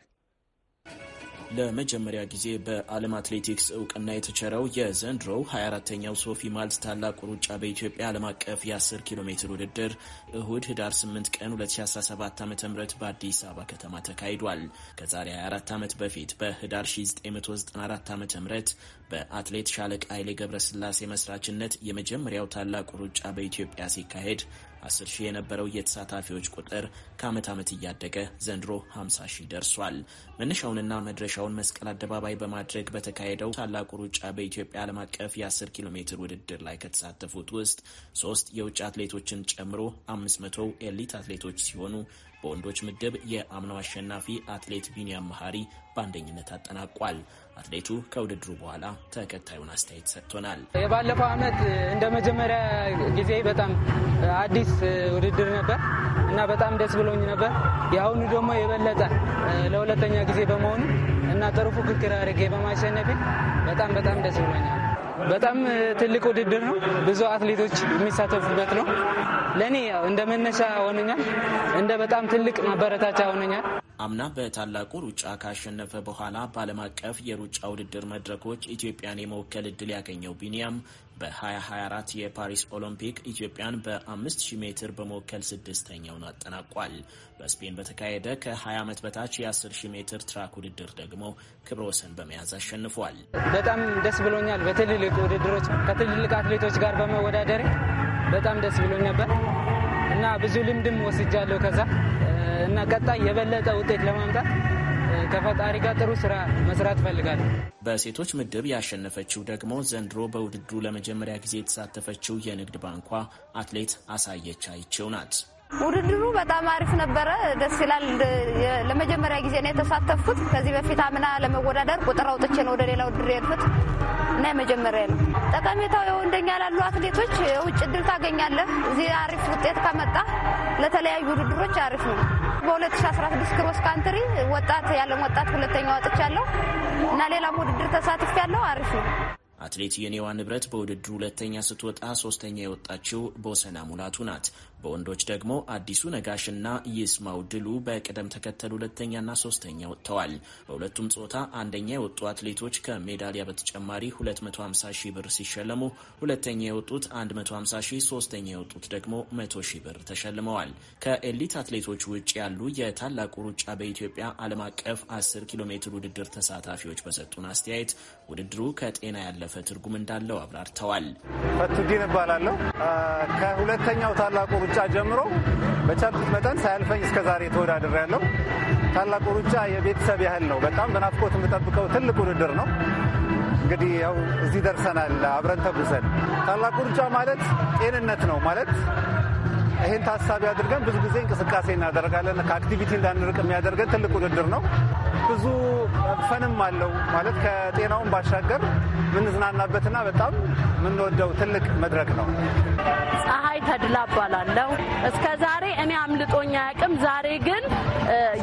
ለመጀመሪያ ጊዜ በዓለም አትሌቲክስ እውቅና የተቸረው የዘንድሮው 24ተኛው ሶፊ ማልት ታላቁ ሩጫ በኢትዮጵያ ዓለም አቀፍ የ10 ኪሎ ሜትር ውድድር እሁድ ህዳር 8 ቀን 2017 ዓ ም በአዲስ አበባ ከተማ ተካሂዷል። ከዛሬ 24 ዓመት በፊት በህዳር 1994 ዓ ም በአትሌት ሻለቃ ኃይሌ ገብረስላሴ መስራችነት የመጀመሪያው ታላቁ ሩጫ በኢትዮጵያ ሲካሄድ አስር ሺህ የነበረው የተሳታፊዎች ቁጥር ከዓመት ዓመት እያደገ ዘንድሮ 50 ሺህ ደርሷል። መነሻውንና መድረሻውን መስቀል አደባባይ በማድረግ በተካሄደው ታላቁ ሩጫ በኢትዮጵያ ዓለም አቀፍ የ10 ኪሎ ሜትር ውድድር ላይ ከተሳተፉት ውስጥ ሶስት የውጭ አትሌቶችን ጨምሮ 500 ኤሊት አትሌቶች ሲሆኑ በወንዶች ምድብ የአምናው አሸናፊ አትሌት ቢኒያም መሐሪ በአንደኝነት አጠናቋል። አትሌቱ ከውድድሩ በኋላ ተከታዩን አስተያየት ሰጥቶናል። የባለፈው ዓመት እንደ መጀመሪያ ጊዜ በጣም አዲስ ውድድር ነበር እና በጣም ደስ ብሎኝ ነበር። የአሁኑ ደግሞ የበለጠ ለሁለተኛ ጊዜ በመሆኑ እና ጥሩ ፉክክር አድርጌ በማሸነፌ በጣም በጣም ደስ ብሎኛል። በጣም ትልቅ ውድድር ነው። ብዙ አትሌቶች የሚሳተፉበት ነው። ለእኔ እንደ መነሻ ሆነኛል። እንደ በጣም ትልቅ ማበረታቻ ሆነኛል። አምና በታላቁ ሩጫ ካሸነፈ በኋላ በዓለም አቀፍ የሩጫ ውድድር መድረኮች ኢትዮጵያን የመወከል እድል ያገኘው ቢኒያም በ2024 የፓሪስ ኦሎምፒክ ኢትዮጵያን በ5000 ሜትር በመወከል ስድስተኛውን አጠናቋል። በስፔን በተካሄደ ከ20 ዓመት በታች የ10000 ሜትር ትራክ ውድድር ደግሞ ክብረ ወሰን በመያዝ አሸንፏል። በጣም ደስ ብሎኛል። በትልልቅ ውድድሮች ከትልልቅ አትሌቶች ጋር በመወዳደር በጣም ደስ ብሎኝ ነበር እና ብዙ ልምድም ወስጃለሁ ከዛ እና ቀጣይ የበለጠ ውጤት ለማምጣት ከፈጣሪ ጋር ጥሩ ስራ መስራት እፈልጋለሁ በሴቶች ምድብ ያሸነፈችው ደግሞ ዘንድሮ በውድድሩ ለመጀመሪያ ጊዜ የተሳተፈችው የንግድ ባንኳ አትሌት አሳየች አይቸው ናት። ውድድሩ በጣም አሪፍ ነበረ። ደስ ይላል። ለመጀመሪያ ጊዜ ነው የተሳተፍኩት። ከዚህ በፊት አምና ለመወዳደር ቁጥር አውጥቼ ነው ወደ ሌላ ውድድር የሄድኩት እና የመጀመሪያ ነው። ጠቀሜታው ያው እንደኛ ላሉ አትሌቶች የውጭ እድል ታገኛለህ። እዚህ አሪፍ ውጤት ከመጣ ለተለያዩ ውድድሮች አሪፍ ነው። በ2016 ክሮስ ካንትሪ ወጣት ያለም ወጣት ሁለተኛ ወጥቻለሁ እና ሌላም ውድድር ያለው አሪፍ ነው። አትሌት የኔዋ ንብረት በውድድሩ ሁለተኛ ስትወጣ ሶስተኛ የወጣችው በወሰና ሙላቱ ናት። በወንዶች ደግሞ አዲሱ ነጋሽና ይስማው ድሉ በቅደም ተከተል ሁለተኛና ሶስተኛ ወጥተዋል። በሁለቱም ጾታ አንደኛ የወጡ አትሌቶች ከሜዳሊያ በተጨማሪ 250 ሺህ ብር ሲሸለሙ ሁለተኛ የወጡት 150 ሺህ፣ ሶስተኛ የወጡት ደግሞ 100 ሺህ ብር ተሸልመዋል። ከኤሊት አትሌቶች ውጭ ያሉ የታላቁ ሩጫ በኢትዮጵያ ዓለም አቀፍ 10 ኪሎ ሜትር ውድድር ተሳታፊዎች በሰጡን አስተያየት ውድድሩ ከጤና ያለፈ ትርጉም እንዳለው አብራርተዋል። ፈትዲን እባላለሁ ከሁለተኛው ታላቁ ሩጫ ጀምሮ በቻልኩት መጠን ሳያልፈኝ እስከ ዛሬ ተወዳድር ያለው ታላቁ ሩጫ የቤተሰብ ያህል ነው። በጣም በናፍቆት የምጠብቀው ትልቅ ውድድር ነው። እንግዲህ ያው እዚህ ደርሰናል። አብረን ተጉዘን ታላቁ ሩጫ ማለት ጤንነት ነው ማለት ይህን ታሳቢ አድርገን ብዙ ጊዜ እንቅስቃሴ እናደርጋለን። ከአክቲቪቲ እንዳንርቅ የሚያደርገን ትልቅ ውድድር ነው ብዙ ፈንም አለው ማለት ከጤናውን ባሻገር የምንዝናናበትና በጣም የምንወደው ትልቅ መድረክ ነው። ፀሐይ ተድላ እባላለሁ። እስከ ዛሬ እኔ አምልጦኝ አያውቅም። ዛሬ ግን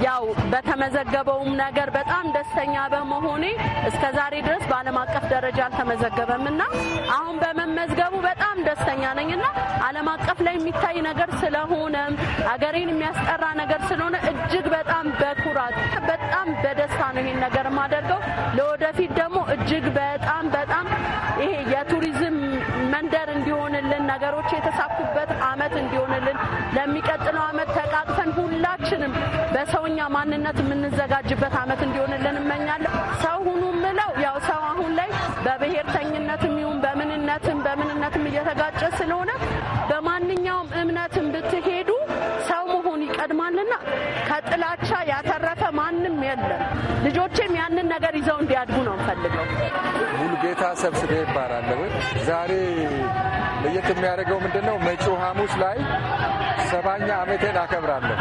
ያው በተመዘገበውም ነገር በጣም ደስተኛ በመሆኔ እስከ ዛሬ ድረስ በዓለም አቀፍ ደረጃ አልተመዘገበም እና አሁን በመመዝገቡ በጣም ደስተኛ ነኝ እና ዓለም አቀፍ ላይ የሚታይ ነገር ስለሆነ አገሬን የሚያስጠራ ነገር ስለሆነ እጅግ በጣም በኩራት በጣም በደስታ ነው ይህን ነገር ማደርገው ለወደፊት ደግሞ እጅግ በጣም በጣም ይሄ የቱሪዝም መንደር እንዲሆንልን ነገሮች የተሳኩበት አመት እንዲሆንልን ለሚቀጥለው አመት ተቃቅፈን ሁላችንም በሰውኛ ማንነት የምንዘጋጅበት አመት እንዲሆንልን እመኛለሁ። ሰው ሁኑ ምለው ያው ሰው አሁን ላይ በብሔርተኝነትም ይሁን በምንነትም በምንነትም እየተጋጨ ስለሆነ በማንኛውም እምነትም ብትሄዱ ይቀድማልና ከጥላቻ ያተረፈ ማንም የለም። ልጆቼም ያንን ነገር ይዘው እንዲያድጉ ነው እንፈልገው። ሙሉጌታ ሰብስቤ ይባላለሁ። ዛሬ ለየት የሚያደርገው ምንድነው? መጪው ሐሙስ ላይ ሰባኛ ዓመቴን አከብራለሁ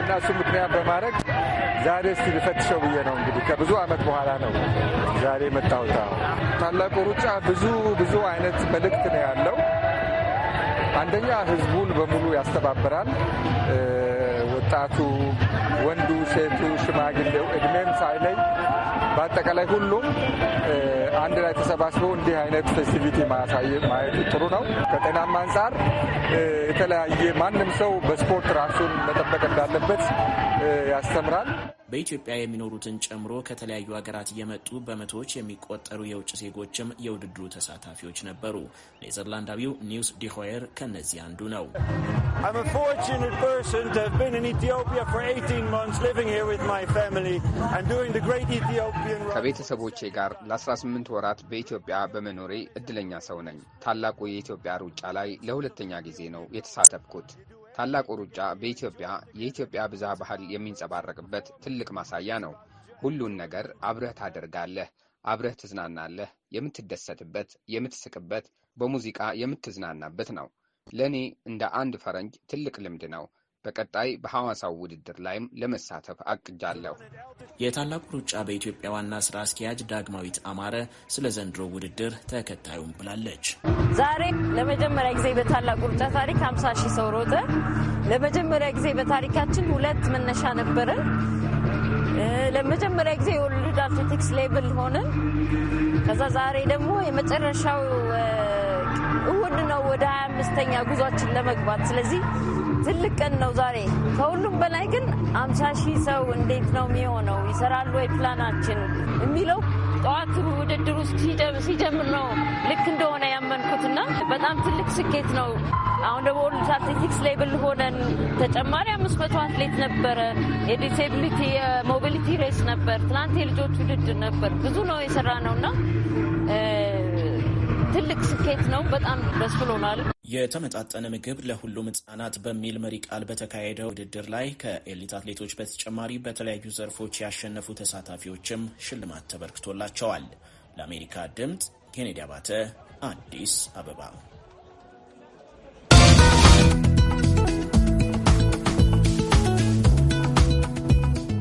እና እሱ ምክንያት በማድረግ ዛሬ እስቲ ልፈትሸው ብዬ ነው። እንግዲህ ከብዙ ዓመት በኋላ ነው ዛሬ መጣሁት። ታላቁ ሩጫ ብዙ ብዙ አይነት መልእክት ነው ያለው አንደኛ ህዝቡን በሙሉ ያስተባብራል። ወጣቱ፣ ወንዱ፣ ሴቱ፣ ሽማግሌው እድሜም ሳይለይ በአጠቃላይ ሁሉም አንድ ላይ ተሰባስበው እንዲህ አይነት ፌስቲቪቲ ማየቱ ጥሩ ነው። ከጤናም አንጻር የተለያየ ማንም ሰው በስፖርት ራሱን መጠበቅ እንዳለበት ያስተምራል። በኢትዮጵያ የሚኖሩትን ጨምሮ ከተለያዩ ሀገራት እየመጡ በመቶዎች የሚቆጠሩ የውጭ ዜጎችም የውድድሩ ተሳታፊዎች ነበሩ። ኔዘርላንዳዊው ኒውስ ዲሆየር ከእነዚህ አንዱ ነው። ከቤተሰቦቼ ጋር ለ18 ወራት በኢትዮጵያ በመኖሬ እድለኛ ሰው ነኝ። ታላቁ የኢትዮጵያ ሩጫ ላይ ለሁለተኛ ጊዜ ነው የተሳተፍኩት። ታላቁ ሩጫ በኢትዮጵያ የኢትዮጵያ ብዝሃ ባህል የሚንጸባረቅበት ትልቅ ማሳያ ነው። ሁሉን ነገር አብረህ ታደርጋለህ፣ አብረህ ትዝናናለህ፣ የምትደሰትበት፣ የምትስቅበት፣ በሙዚቃ የምትዝናናበት ነው። ለእኔ እንደ አንድ ፈረንጅ ትልቅ ልምድ ነው። በቀጣይ በሐዋሳው ውድድር ላይም ለመሳተፍ አቅጃለሁ። የታላቁ ሩጫ በኢትዮጵያ ዋና ስራ አስኪያጅ ዳግማዊት አማረ ስለ ዘንድሮ ውድድር ተከታዩም ብላለች። ዛሬ ለመጀመሪያ ጊዜ በታላቁ ሩጫ ታሪክ 50 ሺህ ሰው ሮጠ። ለመጀመሪያ ጊዜ በታሪካችን ሁለት መነሻ ነበረ። ለመጀመሪያ ጊዜ የወለዱ አትሌቲክስ ሌብል ሆንን። ከዛ ዛሬ ደግሞ የመጨረሻው እሁድ ነው ወደ 25ኛ ጉዟችን ለመግባት ስለዚህ ትልቅ ቀን ነው ዛሬ። ከሁሉም በላይ ግን አምሳ ሺህ ሰው እንዴት ነው የሚሆነው? ይሰራሉ ወይ ፕላናችን የሚለው ጠዋት ውድድሩ ሲጀምር ነው ልክ እንደሆነ ያመንኩትና በጣም ትልቅ ስኬት ነው። አሁን ደግሞ ወርልድ አትሌቲክስ ሌብል ሆነን ተጨማሪ አምስት መቶ አትሌት ነበረ። የዲሴቢሊቲ የሞቢሊቲ ሬስ ነበር። ትናንት የልጆች ውድድር ነበር። ብዙ ነው የሰራ ነውና ትልቅ ስኬት ነው። በጣም ደስ ብሎናል። የተመጣጠነ ምግብ ለሁሉም ህጻናት በሚል መሪ ቃል በተካሄደው ውድድር ላይ ከኤሊት አትሌቶች በተጨማሪ በተለያዩ ዘርፎች ያሸነፉ ተሳታፊዎችም ሽልማት ተበርክቶላቸዋል። ለአሜሪካ ድምፅ ኬኔዲ አባተ አዲስ አበባ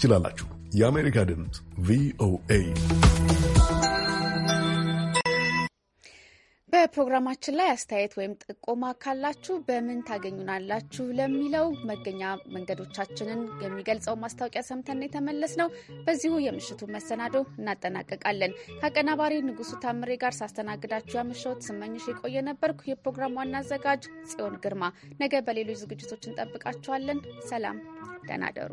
ትችላላችሁ። የአሜሪካ ድምፅ ቪኦኤ በፕሮግራማችን ላይ አስተያየት ወይም ጥቆማ ካላችሁ በምን ታገኙናላችሁ ለሚለው መገኛ መንገዶቻችንን የሚገልጸው ማስታወቂያ ሰምተን የተመለስ ነው። በዚሁ የምሽቱ መሰናዶ እናጠናቀቃለን። ከአቀናባሪ ንጉሱ ታምሬ ጋር ሳስተናግዳችሁ ያመሸሁት ስመኝሽ የቆየ ነበርኩ። የፕሮግራም ዋና አዘጋጅ ጽዮን ግርማ። ነገ በሌሎች ዝግጅቶች እንጠብቃችኋለን። ሰላም፣ ደህና ደሩ።